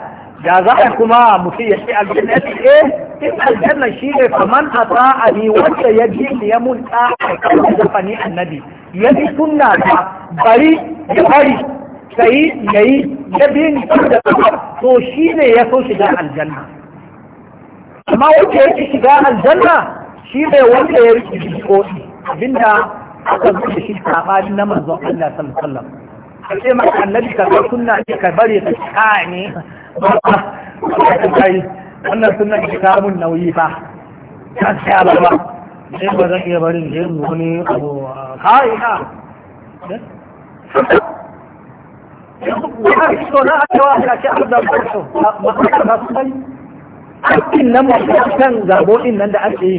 da za a kuma mutum ya ce aljanna ya ce eh in aljanna shi ne faman a ni wanda ya ji ni ya mun ta a kan annabi ya fi sunna ta bari ya bari sai ya yi ya bi ni da to shi ne ya so shiga aljanna amma wanda ya shiga aljanna shi ne wanda ya rike shi koɗi abinda aka zuke shi sabani na manzon Allah sallallahu alaihi wasallam sai ma annabi ka ga sunna ne ka bare ka tsane kai wannan sunna ki ka mun nauyi fa kan sai ba ba sai ba zan iya barin je mu ne abu kai ha Aikin nan masu kan gabo ɗin nan da ake yi,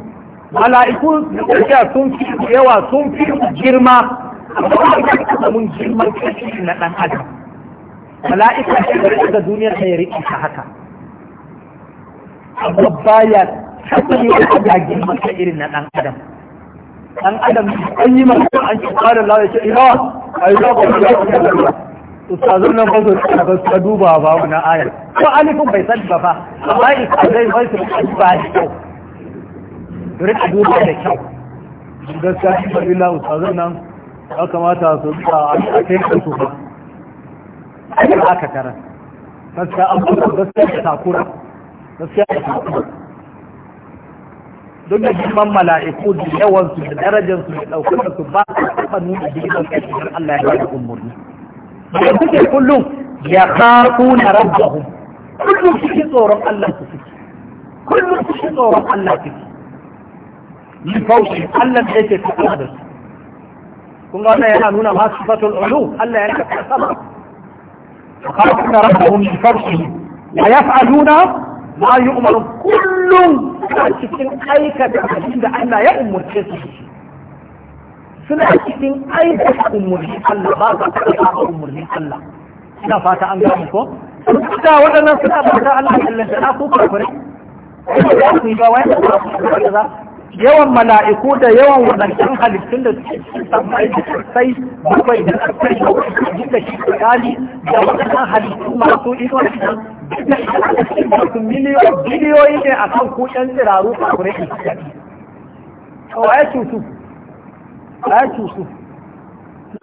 mala'iku da sun fi yawa sun fi girma mun girman kashi na ɗan adam mala'ika da ga duniyar da ya riƙe ta haka amma baya taɓa yi a ga girman ta irin na ɗan adam ɗan adam an yi masu an ci ƙwarar lawa ya ce ina a yi zaɓa wani ya ustazun nan bazo ba su duba ba wani ayar ko alifin bai san ba fa amma isa zai bai su ba shi kyau rika duba da kyau gaskiya shi faɗi lahu tsazin nan ya kamata su a kai da su ba aka aka karar gaskiya an fara gaskiya da takura gaskiya da takura duk da girman mala'iku da yawansu da darajarsu da ɗaukakarsu ba su taɓa nuna girman kai Allah ya yi umarni. Da suke kullum ya kafu na rabbahum kullum cikin tsoron Allah su suke kullum cikin tsoron Allah su suke min fauki Allah da yake kula da su kun ga wannan yana nuna ma sifatul ulu Allah yana kasa sama فخافوا ربهم من فرحه ويفعلون ما kullum كل cikin aikata abin da Allah ya umurce su suna cikin aikata umurni Allah ba za ta aikata umurni Allah ina fata an gane ko da waɗannan suna bauta Allah Allah da ku kafire ba wai da za yawan mala'iku da yawan wadannan halittun da suke cikin sammai da sai bakwai da sai da wani da shi kali da wadannan halittu masu ido da su miliyoyi biliyoyi ne a kan kuɗin tsiraru a kure kawai cutu kawai cutu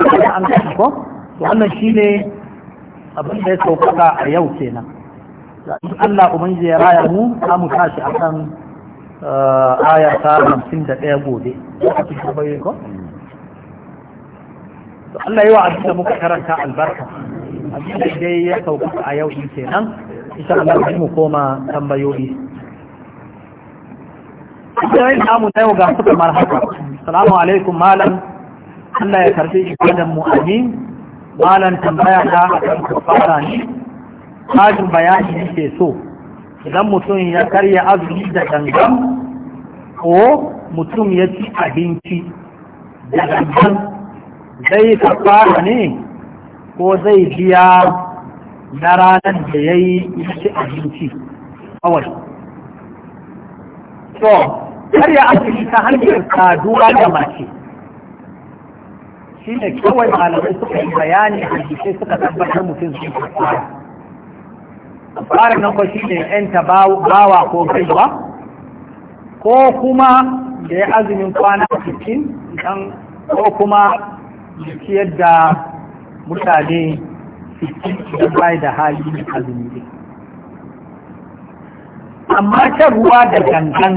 da an kashe ko wannan shi ne abin da ya sauƙaƙa a yau kenan Allah ubangiji ya raya mu za mu tashi kan. aya ta hamsin da ɗaya gobe Allah yi wa abin da muka karanta albarka abin da dai ya sauka a yau in kenan insha Allah mu koma tambayoyi Ibrahim namu na yau ga su kamar haka alaikum malam Allah ya karbi ibadan mu amin malam tambaya ta akan kafara ne Hajin bayani ke so idan mutum ya karya azumi da gangan ko mutum ya ci abinci da gangan zai kafara ne ko zai biya na ranar da ya yi ci abinci kawai So karya azumi ta hanyar saduwa da mace shi ne kawai malamai suka yi bayani a suka tabbatar mutum su kafara fara na kwashi ne yanta bawa ko gaiwa ko kuma da ya azumin kwana cikin dan ko kuma ciyar da mutane cikin da bai da hali azumi ne amma shan ruwa da gangan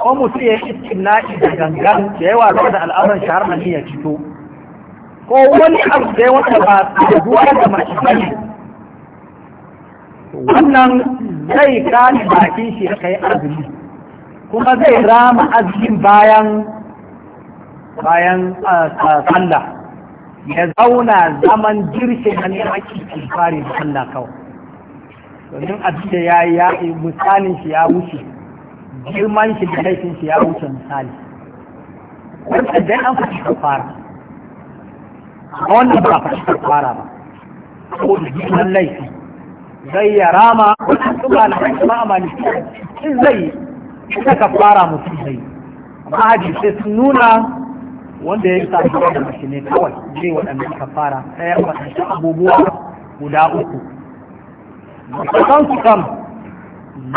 ko mutum ya yi na'i da gangan da yawa zuwa da al'amuran shahararren ya fito ko wani abu da ya wata ba ruwa da mashi bane wannan zai kani bakin shi da kai azumi kuma zai rama azumin bayan bayan ah, ah, sallah ya zauna zaman jirshe na neman kikin fari da sallah kawai domin abin da ya yi ya misalin shi ya wuce girman shi da laifin shi ya wuce misali wanda dai an fashe ka fara a wannan ba fashe ka fara ba da girman laifin zai ya rama wasu na kuma a shi zai ita ka fara mutum zai amma sai sun nuna wanda ya sa shi da mashi ne kawai zai waɗanda ka fara ɗaya waɗannan abubuwa guda uku kan su kam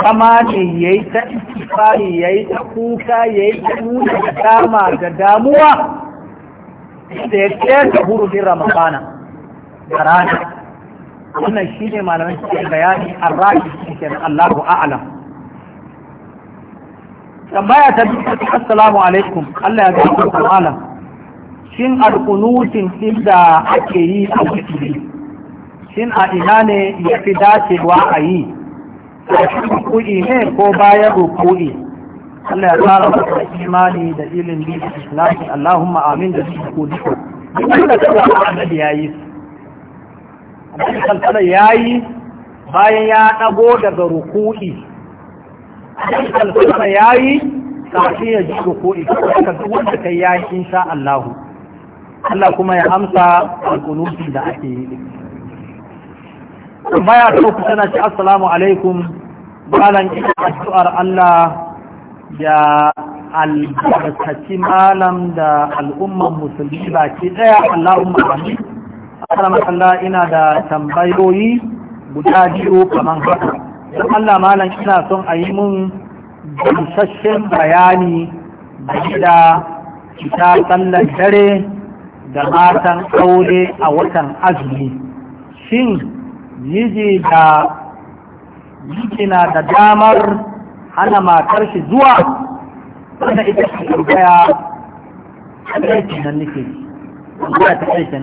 zama ne ya yi ta istifari ya yi ta kuka ya yi ta nuna da dama da damuwa da ya ce ta hurumin ramadana da rana wannan shi ne malamin cikin bayani ke cikin Allahu a'alam tambaya ta biyu assalamu alaikum Allah ya gaji ku malam shin alqunutin inda ake yi a wuri shin a ina ne ya fi dacewa a yi kuɗi ne ko bayan ruku'i Allah ya tsara masa imani da ilimi da islami Allahumma amin da su ku duka duk da kaga annabi yayi su da ya yi bayan ya ɗago daga rukuɗi da ya yi kafin ya ji rukuɗi daga duk wanda kai ya yi insha Allahu Allah kuma ya amsa alƙunufi da ake yi amma ya ta tana ci assalamu alaikum malam ina addu'ar Allah ya albarkaci malam da al'umman musulmi baki ɗaya Allahumma amin alamar Masalla ina da tambayoyi guda biyu kamar haka don Allah malam ina son a yi mun gamsashen bayani da fita sallar dare da matan aure a watan azumi shin miji da miji na da damar hana matar shi zuwa wanda ita shi tambaya a ɗaya nake ba ta aikin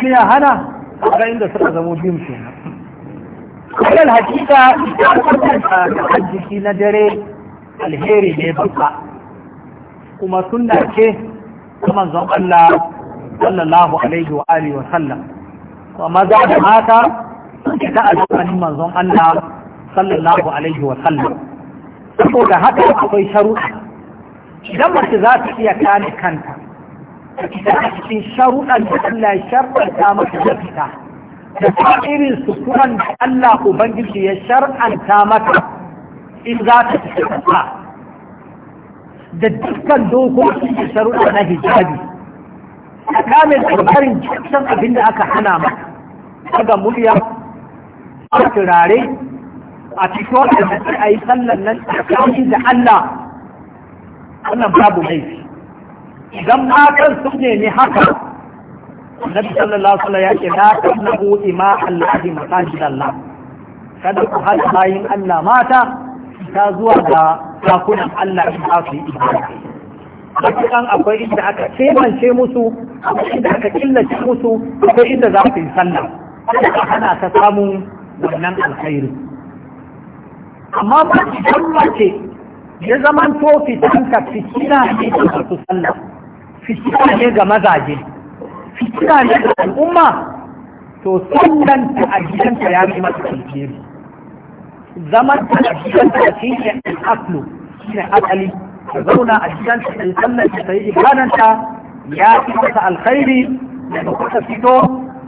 ce hana inda suka zamo biyun na dare alheri ne kuma sunna ce ta Allah sallallahu alaihi wa alihi wa sallam wa maza da mata suke ta alƙawarin manzon Allah sallallahu alaihi wa sallam saboda haka akwai sharuɗa idan mace za ta iya kane kanta da cikin sharuɗan da Allah ya sharɗanta mata da fita da kuma irin suturan da Allah Ubangiji ya shar'anta mata in za ta fita da dukkan dokoki da sharuɗa na hijabi ka kame labarin cikin abin da aka hana ma daga murya a turare a cikin da sai a yi sallan nan tsakani da Allah wannan babu laifi idan matan su ne haka Nabi sallallahu alaihi wasallam ya ce "Na tanabu ima Allahi masajid Allah kada ku hada bayin Allah mata ta zuwa ga takunan Allah in za su yi ibada matukan akwai inda aka kemance musu akwai inda aka killace musu akwai inda za su yi sallah da hana ta samu wannan alkhairi amma ba idan mace ya zaman to ka fitina ne ga masu sallah fitina ne ga mazaje fitina ne ga al'umma to sallan ta a gidanta ya fi masa alkhairi zaman ta a gidanta shi ne al'aslu shi ne asali ka zauna a cikin ta yi sallar ta yi ibadanta ya fi ta alkhairi da kusa fito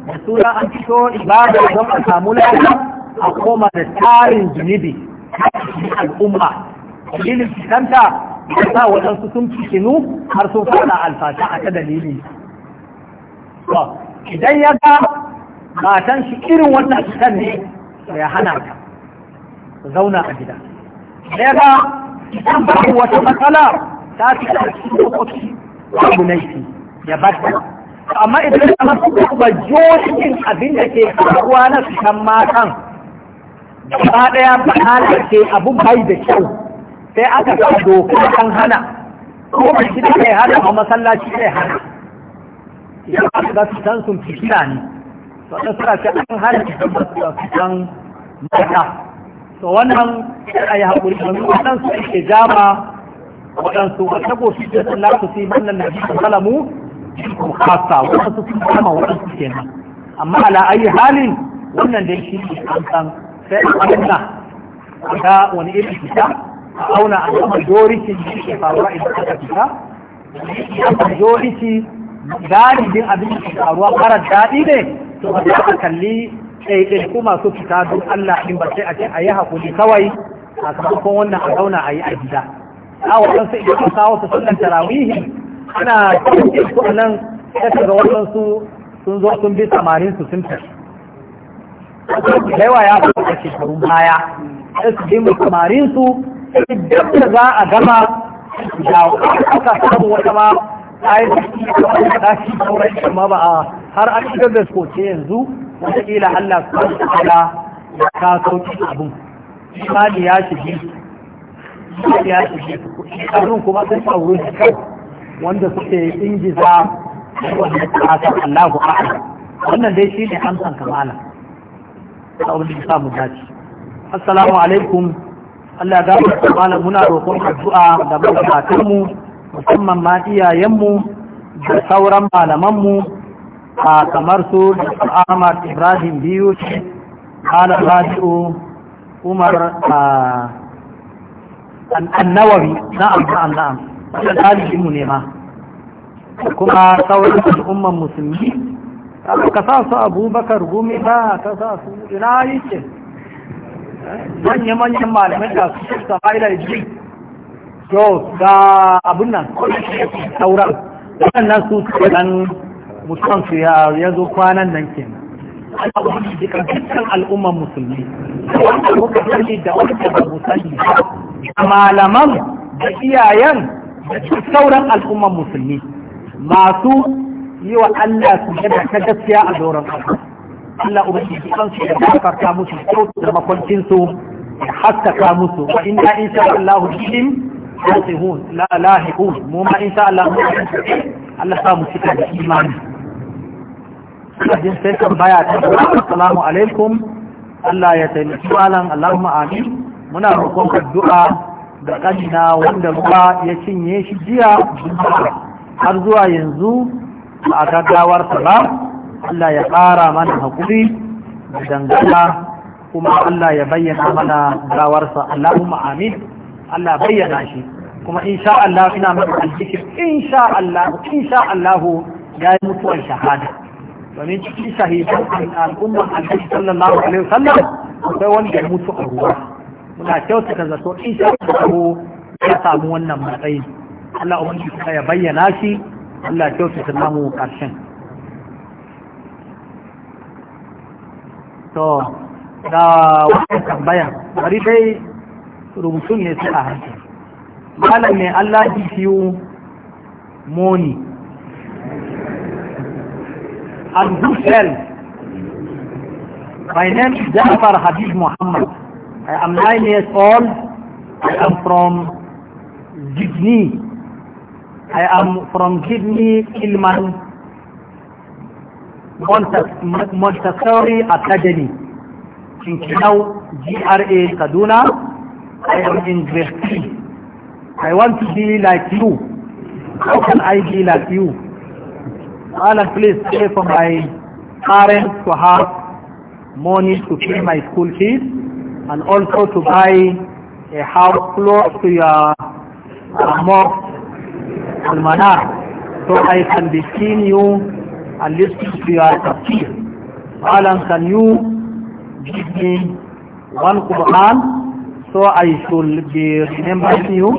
da suna an fito ibada don a samu lafiya a koma da tarin zunubi al'umma dalilin fitanta ya sa waɗansu sun fitinu har sun fada alfasha a ta dalili idan ya ga matan shi irin wannan fitan ne ya hana ka zauna a gida ya ga idan babu wata matsala ta fi da cikin lokaci babu laifi ya bata amma idan ka masu ba joshin abin da ke faruwa na fitan matan ba ɗaya ba halarce abun bai da kyau sai aka sa doka kan hana ko ba shi da kai hana a masallaci kai hana idan aka ga fitan sun fitila ne wadda suna ce an hana su fitan mata to wannan a yi haƙuri domin waɗansu ake jama waɗansu ba ta gofi da Allah su sai mannan na jikin salamu jikin kasa waɗansu sun kama waɗansu kenan amma ala ayi halin wannan da shi ne an san sai a a ga wani irin fita a auna a zama jorici da yake faruwa idan aka fita yake dorikin galibin abin da ke faruwa marar daɗi ne to a kalli ko masu fita don Allah in ba sai a ce a yi haƙuri kawai a sakamakon wannan a zauna a yi a gida a waɗansu idan an kawo su sunan tarawihi ana cikin su a nan ya ga waɗansu sun zo sun bi samarin su sun tafi yawa ya fi a shekarun baya sai su bi samarin su idan da za a gama da aka samu wata ma ta yi da da wani ɗashi sauran ba a har an shigar da su yanzu wataƙila Allah subhanahu wa ta'ala ya kaso abin imani ya shige imani ya shige abin kuma sun tsaurin shi kai wanda suke ingiza wanda ta san Allahu a'lam wannan dai shi ne amsan kamala saboda ya samu dace assalamu alaikum Allah ga mu kamala muna roƙon addu'a da mu musamman ma iyayen mu, da sauran malaman mu. a kamar su Ahmad Ibrahim biyu ala umar الراجع عمر النووي نعم نعم نعم قال جمني ما كما sauran al'umman musulmi ka sa su abubakar gumi ba ka sa su ina yake manya-manyan malamai da su shirka ma'ilar ji to ga abin nan sauran wannan su su ɗan mutuwan su ya zo kwanan nan kenan Allah ba shi dukkan dukkan al'umman musulmi wanda muka sani da wanda ba mu sani malaman da iyayen da sauran al'umman musulmi masu yi wa Allah su da ta gaskiya a doron Allah Allah ubangiji kansu ya dakarta musu kyautu da makwancin su haskaka musu wa inna insha Allah bihim yasihun la lahiqun mu ma insha Allah Allah sa mu cika da imani ajin sai tambaya ta assalamu alaikum Allah ya taimaki malam Allahumma amin muna roƙon addu'a da kanina wanda ruwa ya cinye shi jiya har zuwa yanzu a gaggawar ba Allah ya ƙara mana hakuri da dangana kuma Allah ya bayyana mana sa Allahumma amin Allah bayyana shi kuma insha Allah ina maka alkishir insha Allah insha Allah ya yi mutuwar shahada domin cikin a al'umma annabi sallallahu alaihi wasallam akwai wanda ya mutu a ruwa muna kyautata zato in sha Allah ya samu wannan matsayi Allah ubangi shi ya bayyana shi Allah kyautata namu karshen to da wannan tambaya bari dai rubutun ne suka harshe malam ne Allah ji moni and good My name is Jafar Habib Muhammad. I am nine years old. I am from Jibni. I am from Jibni Ilman Montessori Academy in Kinau, GRA, Kaduna. I am in grade I want to be like you. How can I be like you? Alan, please pay for my parents to have money to pay my school fees and also to buy a house close to your uh, mosque Almana, so I can be seeing you and listen to your tafsir. Alan, can you give me one Quran so I should be remembering you?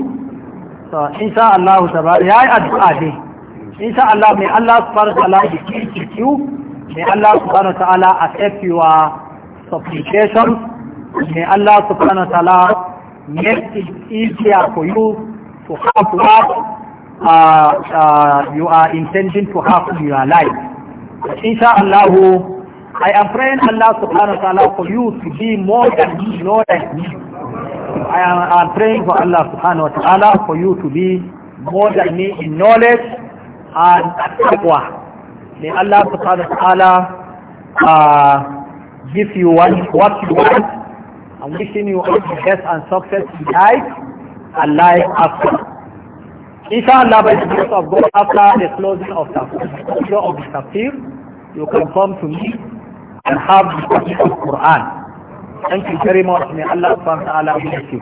So, insha Allah, ya yi addu'a insha Allah may Allah subhanahu wa ta'ala kirki you may Allah subhanahu wa ta'ala accept your supplications may Allah subhanahu wa ta'ala make it easier for you to have what uh, uh, you are intending to have in your life insha Allah I am praying Allah subhanahu wa ta'ala for you to be more than me, know than me. I am, I am praying for Allah subhanahu wa ta'ala for you to be more than me in knowledge, a taqwa may Allah subhanahu wa ta'ala uh, give you one, what you want and wishing you all the best and success in life and life after Allah by the grace of God after the closing of the closure of the tafsir you can come to me and have the Quran thank you very much may Allah subhanahu wa ta'ala bless you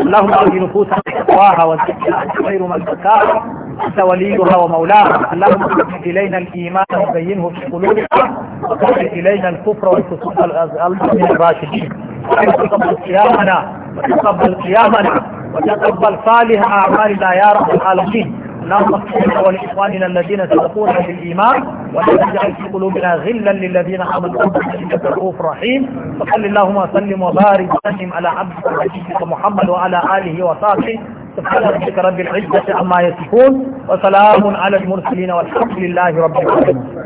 اللهم اهد نفوسنا تقواها وزكها انت خير من زكاها انت وليها ومولاها اللهم اهد الينا الايمان وزينه في قلوبنا وكفر الينا الكفر والفسوق من الراشدين وتقبل صيامنا وتقبل قيامنا وتقبل صالح اعمالنا يا رب العالمين اللهم اغفر ولاخواننا الذين سبقونا بالايمان ولا تجعل في قلوبنا غلا للذين امنوا انك رؤوف رحيم وصل اللهم وسلم وبارك وسلم على عبدك ونبيك محمد وعلى اله وصحبه سبحان ربك رب العزه عما يصفون وسلام على المرسلين والحمد لله رب العالمين